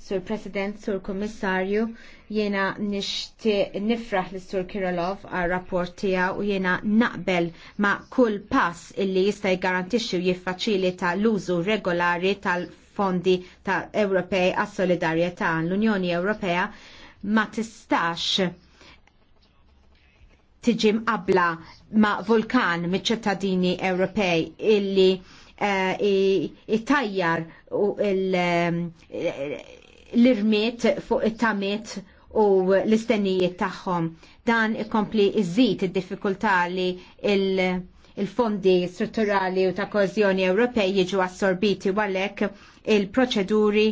Sur President, Sur Kommissarju, jena nishti nifraħ li Sur Kirilov għal rapport u jena naqbel ma kull pass illi jista' jgarantixxi u jiffaċilita l-użu regolari tal-fondi ta' Ewropej għas solidarjetà l-Unjoni Ewropea ma tistax tiġi mqabla ma' vulkan mit-ċittadini Ewropej illi uh, tajjar u il- eh, l-irmiet fuq it-tamiet u l-istennijiet tagħhom. Dan ikompli iżid id-diffikultà li il-fondi strutturali u ta' kozjoni Ewropej jiġu assorbiti għalhekk il-proċeduri il proċeduri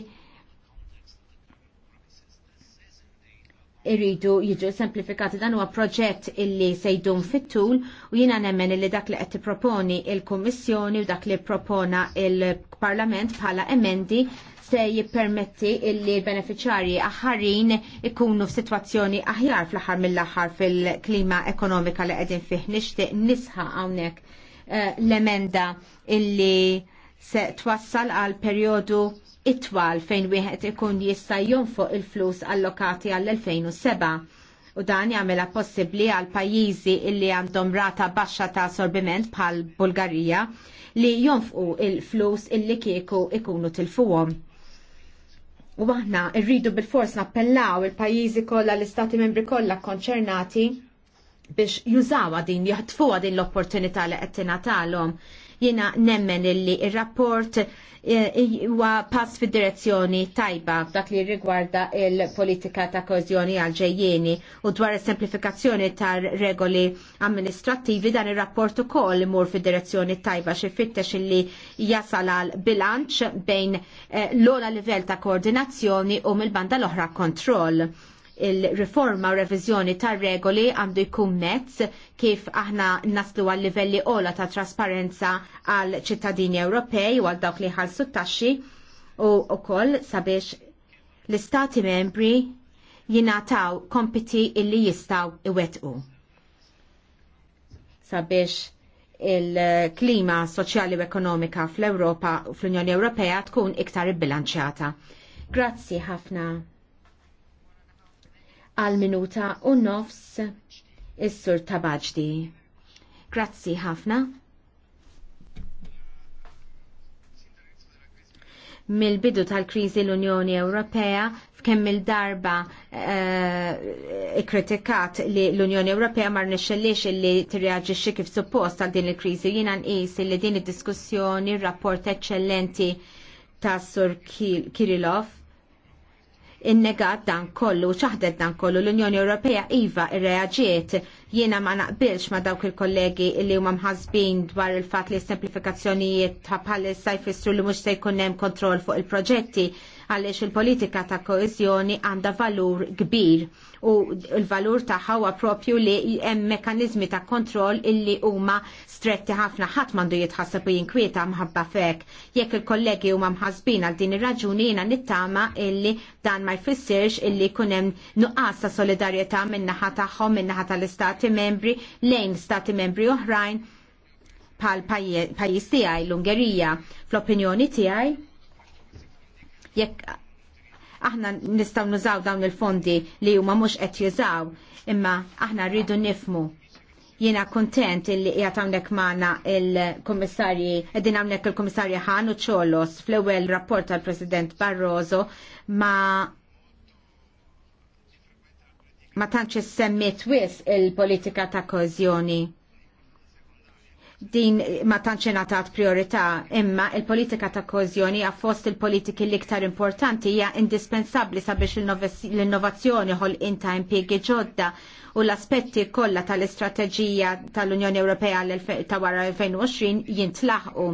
irridu jiġu semplifikati dan huwa proġett illi se jdun fit-tul u jiena nemmen illi dak li qed tipproponi il-Kummissjoni u dak li propona il-Parlament bħala emendi se jippermetti illi beneficjarji aħħarin ikunu f'sitwazzjoni aħjar fl-aħħar mill-aħħar fil-klima ekonomika li qegħdin fih nixtieq nisħa hawnhekk eh, l-emenda illi se twassal għal perjodu It-twal fejn wieħed ikun jista' jonfoq il-flus allokati għall-2007 u dan jagħmilha possibbli għal pajjiżi illi għandhom rata baxxa ta' assorbiment bħal Bulgarija li jonfqu il-flus illi kieku ikunu tilfuhom. U aħna rridu bil-fors nappellaw il-pajjiżi kollha l-istati membri kollha konċernati biex jużawa din, jaħtfuwa din l-opportunità li qed tingħatalhom. Jiena nemmen illi il-rapport eh, huwa pass fi direzzjoni tajba dak li rigwarda il-politika ta' kozjoni għal u dwar il-semplifikazzjoni tar regoli amministrattivi dan il-rapport ukoll imur fi direzzjoni tajba xi fittex illi jasal għal bilanċ bejn eh, l-ola livell ta' koordinazzjoni u mill-banda l-oħra kontroll il-riforma u revizjoni tar regoli għandu jkun mezz kif aħna naslu għal livelli ola ta' trasparenza għal ċittadini Ewropej u għal dawk li ħalsu taxxi u wkoll sabiex l-istati membri jingħataw kompiti illi jistgħu iwettqu. Sabiex il-klima soċjali u ekonomika fl-Europa u fl-Unjoni Ewropea tkun iktar ibbilanċjata. Grazzi ħafna għal minuta u nofs is-sur tabaġdi. Grazzi ħafna. mil bidu tal-kriżi l-Unjoni Ewropea f'kemm il-darba eh, ikkritikat li l-Unjoni Ewropea mar nixxellix li tirreaġixxi kif suppost għal din il-kriżi jiena nqis li din id-diskussjoni r-rapport eċċellenti ta' Sur Kirilov innegat dan kollu, ċaħdet dan kollu l-Unjoni Ewropea iva irreagiet jiena ma naqbilx ma dawk il-kollegi li huma mħasbin dwar il-fatt li semplifikazzjonijiet ta' s jfissru li mhux se jkun hemm kontroll fuq il-proġetti għaliex il-politika ta' koezjoni għandha valur kbir u l-valur tagħha ħawa propju li hemm mekanizmi ta' kontroll illi huma stretti ħafna ħadd m'għandu jitħasseb u jinkwieta mħabba fek. Jekk il-kollegi huma mħasbin għal din ir-raġuni jiena nittama illi dan ma jfissirx illi jkun hemm nuqqas ta' solidarjetà min-naħa tagħhom min-naħa tal-istati membri lejn stati membri oħrajn pal pajjiż tiegħi l-Ungerija. Fl-opinjoni tiegħi jekk Aħna nistgħu nużaw dawn il-fondi li huma mhux qed jużaw, imma aħna rridu nifmu jiena kontent illi qiegħed hawnhekk magħna il-kummissarji qegħdin hawnhekk il-kummissarji Ħanu Ċolos fl-ewwel rapport tal-President Barroso ma ma tantx issemmiet wis il-politika ta' kożjoni din ma tantx ingħatat priorità imma il-politika ta' kożjoni fost il-politiki l-iktar importanti hija indispensabbli sabiex l-innovazzjoni hol inta impjiegi ġodda u l-aspetti kollha tal-istrateġija tal-Unjoni Ewropea ta' wara 2020 jintlaħqu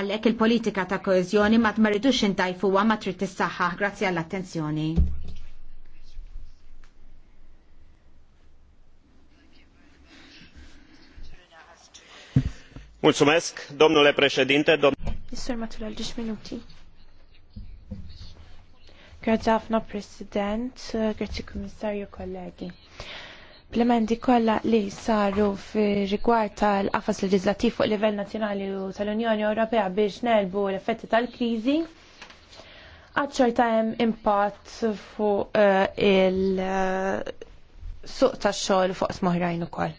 għalhekk il-politika ta' kozjoni ma tmaridux intajfuha ma trid tissaħħaħ. Grazzi għall-attenzjoni. Mulțumesc, domnule președinte, dom Mr. Matura, 10 minuti. Grazie ħafna President, grazie Kummissarju kollegi. Plemendi kollha li saru fir-rigward tal-qafas leġislattiv fuq livell nazzjonali u tal-Unjoni Ewropea biex nelbu l-effetti tal-kriżi xorta hemm impatt fuq eh, il-suq eh, tax xogħol fuq smoħrajn ukoll.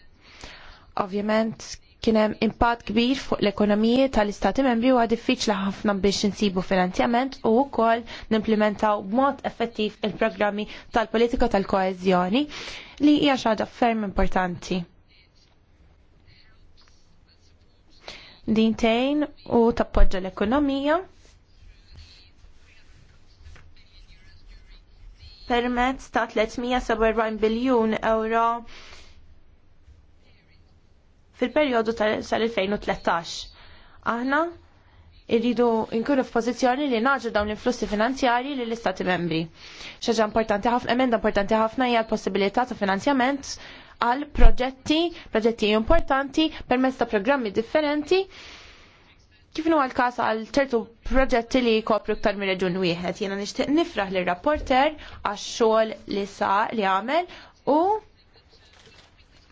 Ovvjament kien hemm impatt kbir fuq l-ekonomiji tal-Istati Membri huwa diffiċli ħafna biex insibu finanzjament u wkoll nimplementaw b'mod effettiv il-programmi tal-politika tal-koeżjoni li hija xi ħaġa ferm importanti. Din tgħin u tappoġġa l-ekonomija permezz ta' 347 biljun euro fil-perjodu tal-2013. Aħna irridu nkunu f'pożizzjoni li naġu dawn l-influssi finanzjarji li l-Istati membri. Xaġa importanti ħafna, emenda importanti ħafna hija l-possibilità ta' finanzjament għal proġetti, proġetti importanti permezz ta' programmi differenti kif nu għal-kas għal ċertu proġetti li kopru ktar minn reġun wieħed. Jena nishtiq nifraħ l-rapporter għax xogħol li sa li għamel u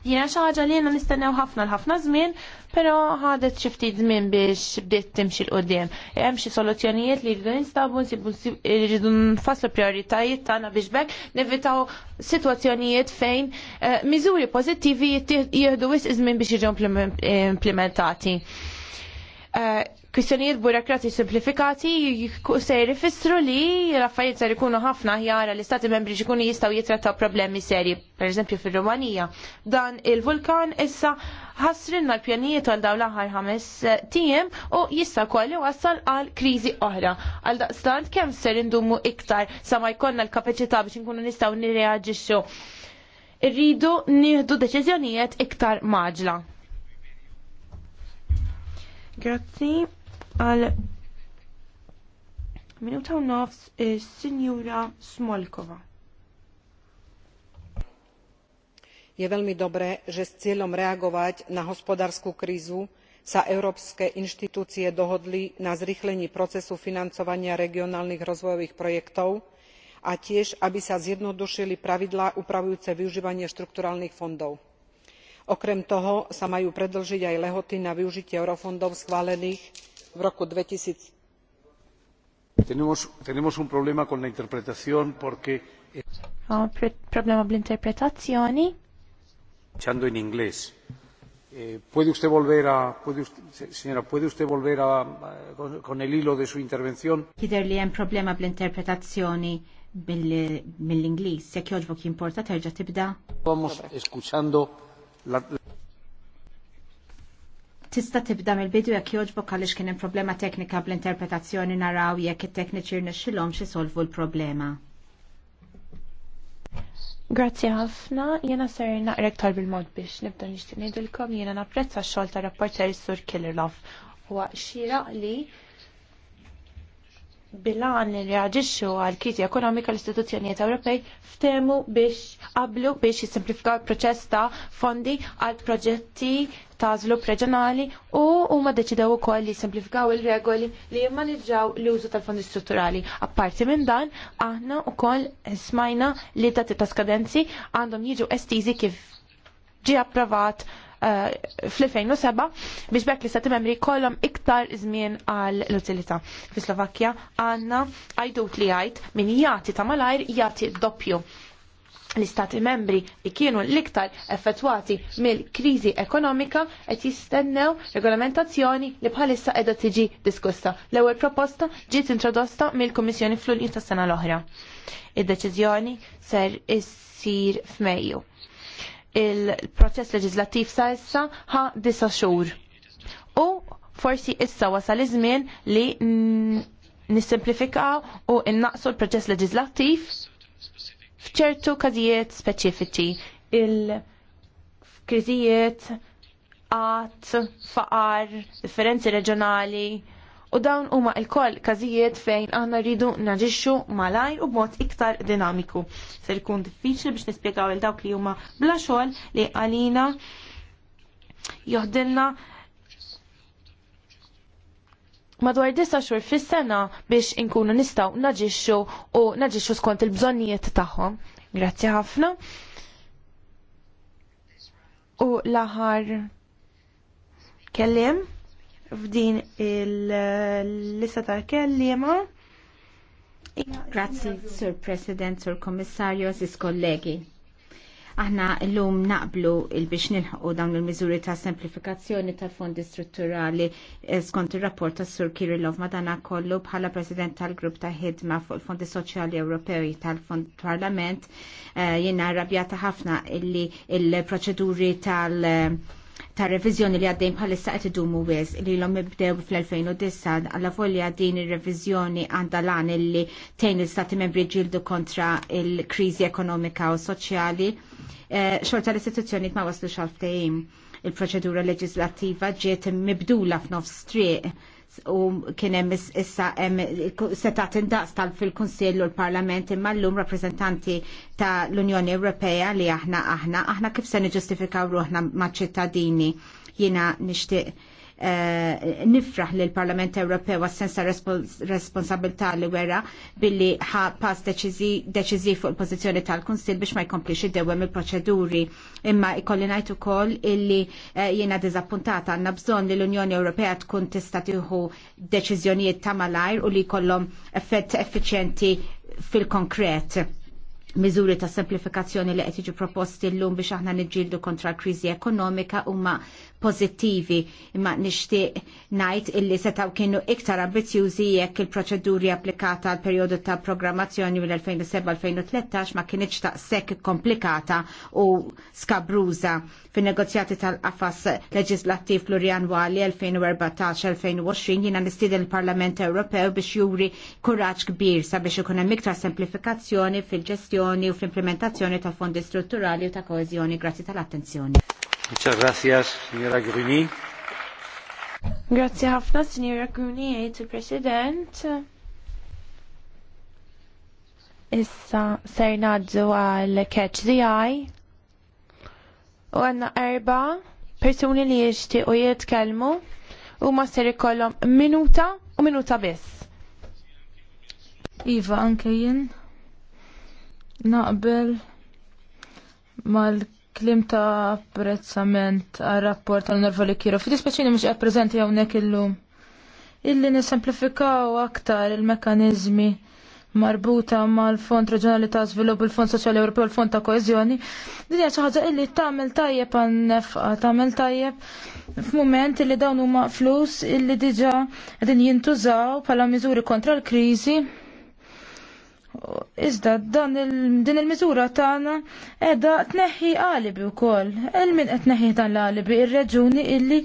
Jiena xi ħaġa li jiena nistennew ħafna l-ħafna żmien, però ħadet xi ftit żmien biex bdiet timxi l qoddim Hemm xi soluzzjonijiet li jridu jinstabu nsibu nfasslu prioritajiet tagħna biex bek nevitaw sitwazzjonijiet fejn eh, miżuri pożittivi jieħdu wis żmien biex jiġu implementati. Eh, kwistjonijiet burokrati simplifikati se jifissru li l-affarijiet ser ikunu ħafna ħjara li stati membri ikunu jistgħu jitrattaw problemi serji, pereżempju fir-Rumanija. Dan il-vulkan issa ħasrinna l-pjanijiet għal dawn l-aħħar ħames eh, tijem u jista' kolli wassal għal kriżi oħra. Għal daqstant kemm ser indumu iktar sa ma jkollna l-kapaċità biex inkunu nistgħu nirreaġixxu. Irridu nieħdu deċiżjonijiet iktar maġla. Grazzi għal minuta u nofs il-Signora eh, Smolkova. Je veľmi dobré, že s cieľom reagovať na hospodárskú krízu sa európske inštitúcie dohodli na zrýchlení procesu financovania regionálnych rozvojových projektov a tiež aby sa zjednodušili pravidlá upravujúce využívanie štrukturálnych fondov okrem toho sa majú predĺžiť aj lehoty na využitie eurofondov schválených v roku. two thousand problema bl-interpretazzjoni. Ċandu in Kider li hemm problema bl-interpretazzjoni mill-Ingliż, jekk jogħġbok jimporta terġa' tibda. Vamos escuchando Tista tibda mill-bidu jekk joġbok għaliex kien hemm problema teknika bl-interpretazzjoni naraw jekk it-tekniċi rnexxilhom solvu l-problema. Grazzi ħafna, jena ser naqrek tal bil-mod biex nibda nixtieq ngħidilkom jiena napprezza x-xogħol tar rapporter Sur Killerlov. Huwa xira li bilan li reagġixxu għal kriti ekonomika l-istituzzjonijiet Ewropej ftemu biex qablu biex jisimplifikaw il-proċess ta' fondi għal proġetti ta' żvilupp reġjonali u huma deċidew ukoll li jisimplifikaw il-regoli li jimmaneġġaw l-użu tal-fondi strutturali. Apparti minn dan, aħna wkoll smajna li dati ta' skadenzi għandhom jiġu estizi kif ġie approvat Eh, fl-2007 biex bekk li istati membri kollom iktar żmien għal l-utilità. Fi Slovakkja għanna għajdut li għajt min jati ta' malajr jati doppju l-istati membri li kienu l-iktar effettwati mill-krizi ekonomika qed jistennew regolamentazzjoni li bħalissa qiegħda tiġi diskussa. L-ewwel proposta ġiet introdosta mill-Kummissjoni fl-Ulin tas-sena l-oħra. Id-deċiżjoni ser issir f'Mejju il-proċess leġislattiv sa issa ħa disa xhur. U forsi issa wasal iż-żmien li nissimplifikaw u innaqsu l-proċess leġislattiv f'ċertu każijiet speċifiċi. Il-kriżijiet, għat, faqar, differenzi reġjonali, U dawn huma l-koll każijiet fejn aħna rridu naġixxu malajr u b'mod iktar dinamiku. Se jkun diffiċli biex nispjegaw il dawk li huma bla xogħol li għalina joħdilna madwar disa xhur fis-sena biex inkunu nistgħu naġixxu u naġixxu skont il-bżonnijiet tagħhom. Grazzi ħafna. U l-aħħar kellim f'din il-lista ta' kellima Grazzi, Sur President, Sur Kommissarju, Sis kollegi. Aħna l-lum naqblu il-biex nilħu dawn il-mizuri ta' semplifikazzjoni tal-fondi strutturali eh, skont il-rapport ta' Sur Kirillov madana kollu bħala President tal-Grupp ta' ħidma fuq il-Fondi Soċjali Ewropej tal-Fond Parlament. Uh, Jena rabjata ħafna illi il-proċeduri tal- ta' revizjoni li għaddejn bħalissa qed idumu wis li l-om ibdew fl-2009 għalla volja din ir-revizjoni għandha lan li tejn il stati membri ġildu kontra il-kriżi ekonomika u soċjali. Eh, xorta l-istituzzjoni ma waslu xalftejn il-proċedura leġislattiva ġiet mibdula f'nofs triq u kienem issa setat indaqs tal fil-Kunsill u l-Parlament imma l-lum rappresentanti ta' l-Unjoni Ewropea li aħna aħna aħna kif se niġustifikaw ruħna ma' ċittadini jiena nixtieq. Eh, nifraħ li l-Parlament Ewropew għas-sensa responsabilità li wera billi ħa pass deċiżiv fuq il-pożizzjoni tal-Kunsil biex ma jkomplix id il-proċeduri. Imma ikolli ngħid ukoll illi eh, jiena diżappuntata għandna bżonn li l-Unjoni Ewropea tkun tista' tieħu deċiżjonijiet ta' malajr u li jkollhom effett effiċenti fil-konkret miżuri ta' semplifikazzjoni li qed jiġu proposti llum biex aħna niġġieldu kontra l-kriżi ekonomika huma pożittivi imma nixtieq ngħid illi setgħu kienu iktar ambizjużi jekk il-proċeduri applikata għal perjodu ta' programmazzjoni mill-2007-2013 ma kienitx ta' sekk komplikata u skabruża fin-negozjati tal-qafas leġislattiv plurianwali 2014-2020 jiena nistieden il-Parlament Ewropew biex juri kuraġġ kbir sabiex ikun hemm iktar semplifikazzjoni fil-ġestjoni fil u fl-implementazzjoni tal-fondi strutturali u ta' koezjoni. Grazzi tal-attenzjoni. Muchas gracias, signora Gruni. Grazzi ħafna, signora Gruni, għajt il-President. Issa ser għal Catch the Eye. U għanna erba persuni li u jitkelmu u ma ser ikollhom minuta u minuta biss. Iva, anke jien Naqbel mal-klim ta' apprezzament għal rapport tal li kiro. Fidi speċini mux għapprezenti għawnek illum. Illi nisemplifikaw aktar il-mekanizmi marbuta mal-Fond Reġjonali ta' Żvilupp, il-Fond Soċjali Ewropew, il-Fond ta' Koezjoni, Din hija xi ħaġa illi tagħmel tajjeb għan nefqa, tagħmel tajjeb f'mument illi dawn huma flus illi diġà qegħdin jintużaw bħala miżuri kontra l-kriżi Iżda dan din il-miżura tagħna qiegħda tneħħi qalibi wkoll. Il min qed tneħħi dan l għalibi ir-reġuni illi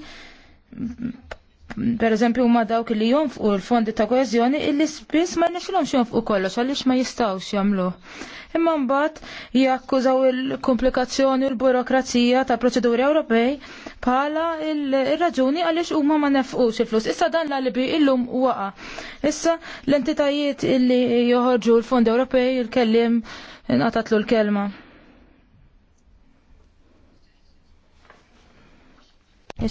per eżempju huma dawk li jonfqu l-fondi ta' koeżjoni illi spiss ma rnexxilhomx jonfqu kollox għaliex ma jistgħux jagħmluh imma mbagħad jakkużaw il-komplikazzjoni u l-burokrazija ta' proċeduri Ewropej bħala il-raġuni għaliex huma ma nefqux il-flus. Issa dan l-alibi illum waqa. Issa l-entitajiet illi joħorġu l-Fond Ewropej il-kellim inqatatlu l-kelma. il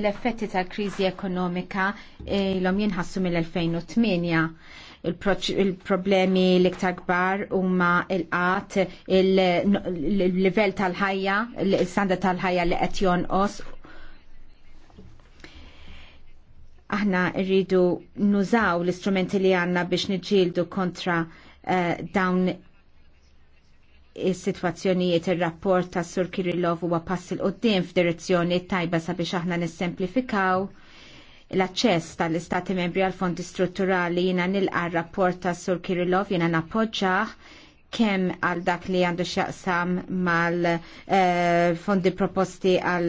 l-effetti tal-kriżi ekonomika eh, l-om jinħassu mill-2008 il-problemi il problemi l iktar kbar huma il-qat, il-livell il qat il livell il-standard tal-ħajja li qed jonqos aħna rridu nużaw l-istrumenti li għanna biex nġildu kontra eh, dawn is-sitwazzjonijiet ir-rapport ta' Sur Kirillov huwa pass il qoddim f'direzzjoni tajba sabiex aħna nissemplifikaw l-aċċess tal-Istati membri għal fondi strutturali jina nilqa rapport ta' Sur Kirillov jina napoġġaħ kem għal dak li għandu xaqsam mal eh, fondi proposti għal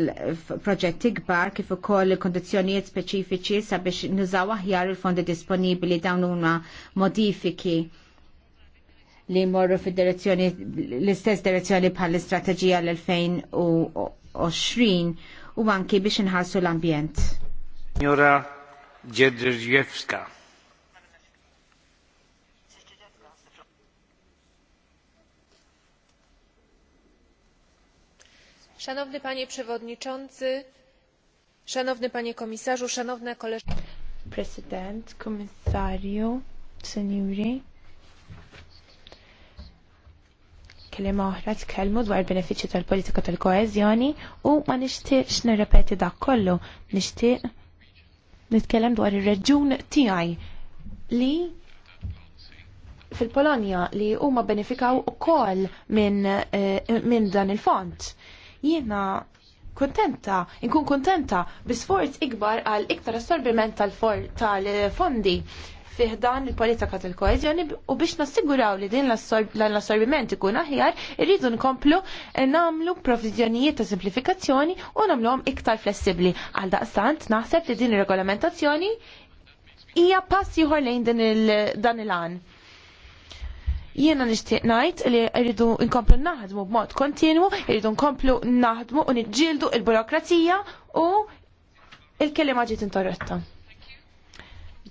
proġetti kbar kif ukoll il-kondizjonijiet speċifiċi sabiex nużaw aħjar il-fondi disponibili dawn huma modifiki li morru fi direzzjoni l-istess direzzjoni bħal l-istrateġija l-2020 u anki biex inħarsu l-ambjent. Signora Dziedrzejewska. Szanowny panie przewodniczący, szanowny panie komisarzu, Szanowne Koleżanki. President, komisarju, kelima oħra tkellmu dwar benefiċċju tal-politika tal u ma nixtieqx nirrepeti dak kollu, nixtieq nitkellem dwar ir-reġjun tiegħi li fil-Polonja li huma benefikaw ukoll minn eh, min dan il-font. Jiena kontenta, inkun kontenta bi sforz ikbar għal iktar assorbiment tal-fondi. tal fondi fiħdan il-politika tal-koezjoni u biex nassiguraw li din l-assorbiment ikun aħjar, irridu nkomplu eh, namlu provizjonijiet ta' simplifikazzjoni u namluhom iktar flessibli. Għal daqstant naħseb li din ir-regolamentazzjoni hija pass ieħor lejn dan il-għan. Jiena nixtieq ngħid li rridu nkomplu naħdmu b'mod kontinwu, rridu nkomplu naħdmu u niġġieldu il-burokrazija u il-kelima ġiet intorretta.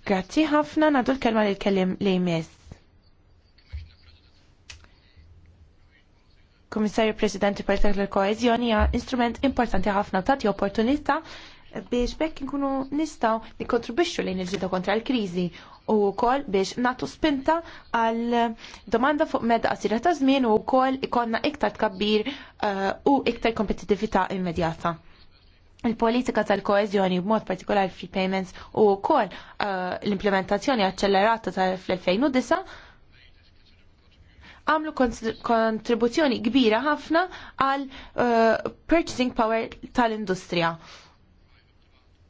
Grazzi ħafna nadu l-kelma li kellim li jmiss. Komissarju Presidenti Partek l-Koezjoni hija instrument importanti ħafna tagħti opportunità biex bekk nkunu nistaw nikontribixxu lejn il-ġita kontra l-kriżi u wkoll biex natu spinta għal domanda fuq medda qasira ta' żmien u wkoll ikonna iktar tkabbir uh, u iktar kompetitività immedjata il-politika tal-koezjoni b'mod partikolari free payments u kol uh, l-implementazzjoni accelerata tal-2009 għamlu kontribuzzjoni kbira ħafna għal uh, purchasing power tal-industrija.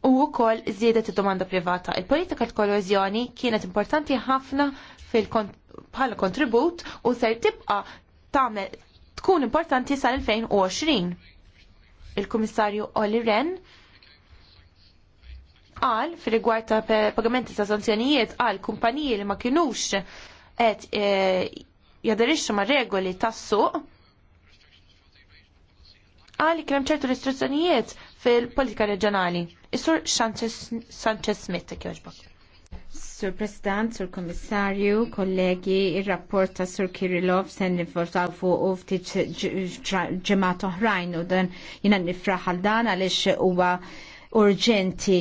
U wkoll żiedet id-domanda privata. Il-politika tal-koezjoni kienet importanti ħafna bħala kontribut u ser tibqa tamel tkun importanti sal-2020 il-Kummissarju Oli Ren għal fi rigward ta' pagamenti ta' sanzjonijiet għal kumpaniji li ma kienux qed e, jaderixxu ma' regoli tas-suq għal kien ċertu restrizzjonijiet fil-politika reġjonali. Is-sur Sanchez Smith kjoġbok. Sur President, Sur Kommissarju, kollegi, il-rapport ta' Sur Kirillov sen nifortaw fuq u ftit ġemat oħrajn u dan jina nifraħal dan għalix huwa urġenti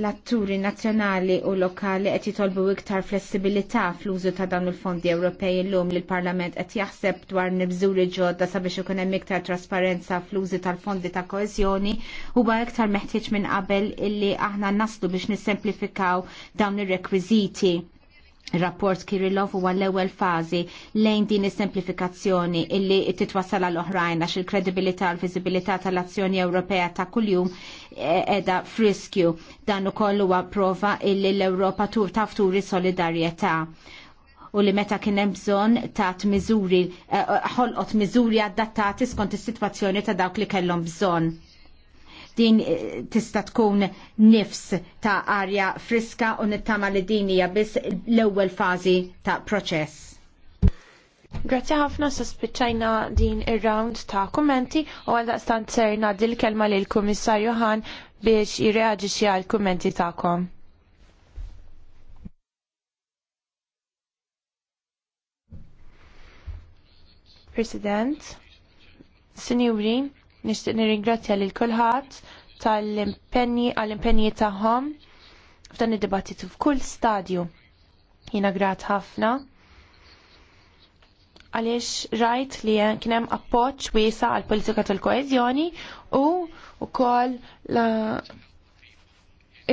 l-atturi nazzjonali u lokali qed jitolbu iktar flessibilità fl-użu ta' dawn il-fondi Ewropej illum li l-Parlament qed jaħseb dwar nibżuri ġodda sabiex ikun hemm iktar trasparenza fl-użu tal-fondi ta' koeżjoni huwa iktar meħtieġ minn qabel illi aħna naslu biex nissemplifikaw dawn ir-rekwiżiti Il-rapport Kirillov huwa l-ewwel fażi lejn din is-semplifikazzjoni illi titwassal għal oħrajn għax il-kredibilità u l-viżibilità tal-azzjoni Ewropea ta' kuljum eh, edha friskju. Dan ukoll huwa prova illi l-Ewropa tur taf turi solidarjetà u li meta kien hemm bżonn ta' miżuri eh, ħolqot miżuri adattati skont is-sitwazzjoni ta' dawk li kellhom bżonn din eh, tista' tkun nifs ta' arja friska u nittama li din hija biss l-ewwel fażi ta' proċess. Grazzi ħafna sospiċajna din ir-round ta' kummenti u għal daqstant serna l-kelma lil kummissarju Han biex jirreaġixxi għal kummenti tagħkom. President, Sinjuri, Nixtieq nirringrazzja lil kulħadd tal-impenji għall-impenji tagħhom f'dan id-dibattitu f'kull stadju. Jiena grat ħafna għaliex rajt li kien hemm appoġġ wiesa għall politika tal-koeżjoni u wkoll la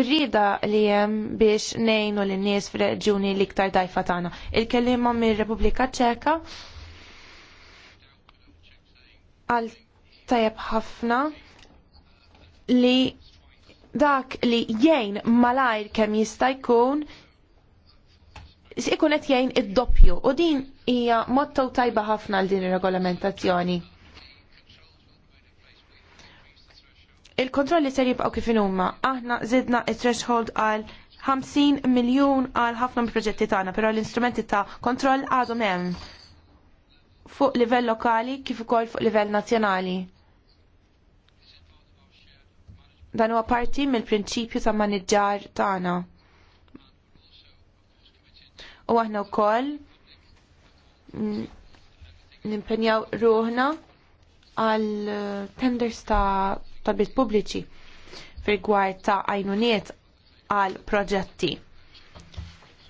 rrida li hemm biex ngħinu lin nies fir reġuni l-iktar dajfa tagħna. Il-kelliema mir-Repubblika Ċeka għal tajab ħafna li dak li jgħin malajr kemm jista' jkun ikun qed jgħin id-doppju u din hija motto tajba ħafna għal din ir-regolamentazzjoni. Il-kontrolli ser jibqaw kif huma. Aħna żidna il threshold għal 50 miljun għal ħafna mill-proġetti tagħna, però l-instrumenti ta' kontroll għadhom hemm fuq livell lokali kif ukoll fuq livell nazzjonali. Dan huwa parti mill-prinċipju ta' maniġġar tagħna. U aħna wkoll nimpenjaw ruħna għal tenders ta' tabit pubbliċi rigward ta' għajnuniet għal proġetti.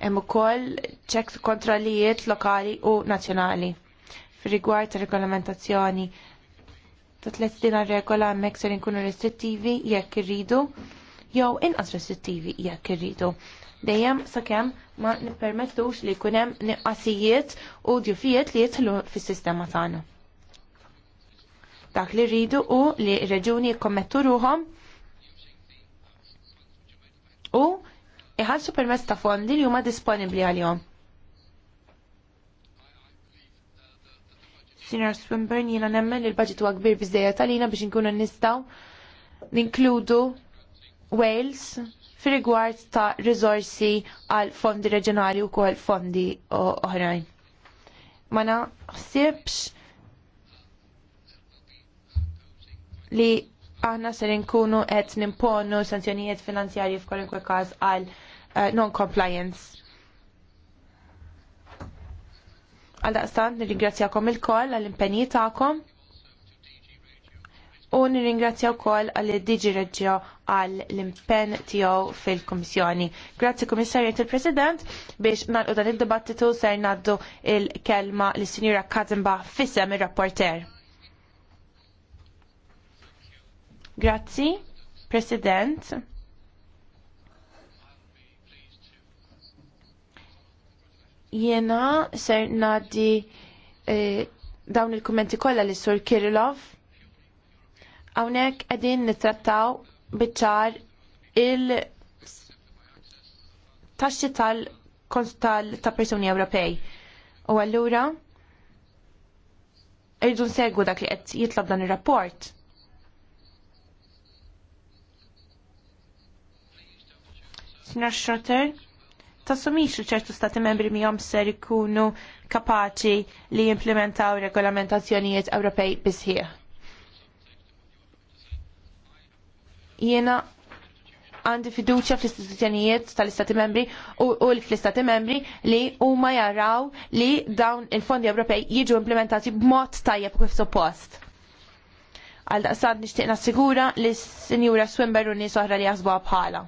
Hemm ukoll ċek kontrollijiet lokali u nazzjonali rigward ta' regolamentazzjoni ta' tliet dinar regola hemmhekk ser inkunu restrittivi jekk irridu jew inqas restrittivi jekk irridu. Dejjem sakemm ma nippermettux li jkun hemm niqqasijiet u djufijiet li jidħlu fis-sistema tagħna. Dak li rridu u li reġuni jikkommettu ruhom u iħallsu permezz ta' fondi li huma disponibbli għalihom. Sinjor Swinburne jiena nemmen li l-budget huwa kbir biżdejja talina biex inkunu nistgħu ninkludu Wales fi rigward ta' riżorsi għal fondi reġjonali u kol fondi oħrajn. Ma naħsibx li aħna ser inkunu qed nimponu sanzjonijiet finanzjarji f'kwalunkwe każ għal eh, non-compliance Għaldaqstant nirringrazzjakom il-koll għall-impenji tagħkom u nirringrazzjaw wkoll għal diġi Reġġio għal l-impenn tiegħu fil-Kummissjoni. Grazzi Kummissarju il-President biex nagħlqu dan id-dibattitu ser naddu il-kelma lis sinjura Kazimba fissem ir-rapporter. Grazzi, President. Jena ser nadi e, dawn il-kommenti kolla li sur Kirillov. Għawnek għedin nitrattaw bitċar il-taxxi tal-konstal ta' personi Ewropej. U għallura, irridu nsegwu dak li qed jitlob dan ir-rapport. Sinar Schrotter, tassumix li ċertu stati membri miħom ser ikunu kapaċi li jimplementaw regolamentazzjonijiet Ewropej bisħieħ. Jena għandi fiduċja fl-istituzzjonijiet tal-istati membri u, fl-istati membri li huma jaraw li dawn il-fondi Ewropej jiġu implementati b'mod tajjeb kif suppost għal daqsad nishtiq nassigura li s-Sinjura Swimber u nis oħra li jasbuha bħala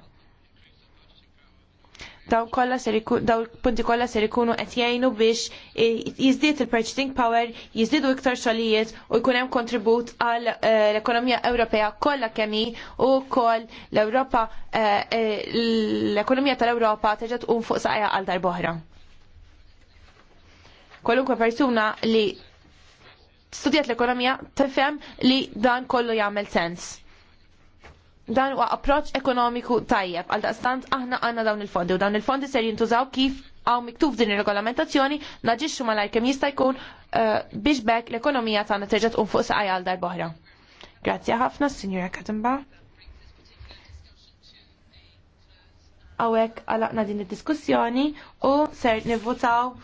dawn kollha ser dawn punti kollha ser ikunu qed jgħinu biex jiżdied il-purchasing power, jiżdiedu iktar xogħlijiet u jkun hemm kontribut għal eh, l-ekonomija Ewropea kollha kemm hi u wkoll l-Ewropa eh, eh, l-ekonomija tal-Ewropa terġa' tqum fuq saqajja għal darb'oħra. Kwalunkwe persuna li studjat l-ekonomija tifhem li dan kollu jagħmel sens dan huwa approċ ekonomiku tajjeb għal daqstant aħna għanna dawn il-fondi u dawn il-fondi ser jintużaw kif għaw miktub din il-regolamentazzjoni naġixxu malajr kemm jista' jkun eh, biex bekk l-ekonomija tagħna terġa' tqum fuq saqaj għal darb'oħra. Grazzi ħafna, Sinjura Katimba. Għawek għalaqna din il diskussjoni u ser nivvutaw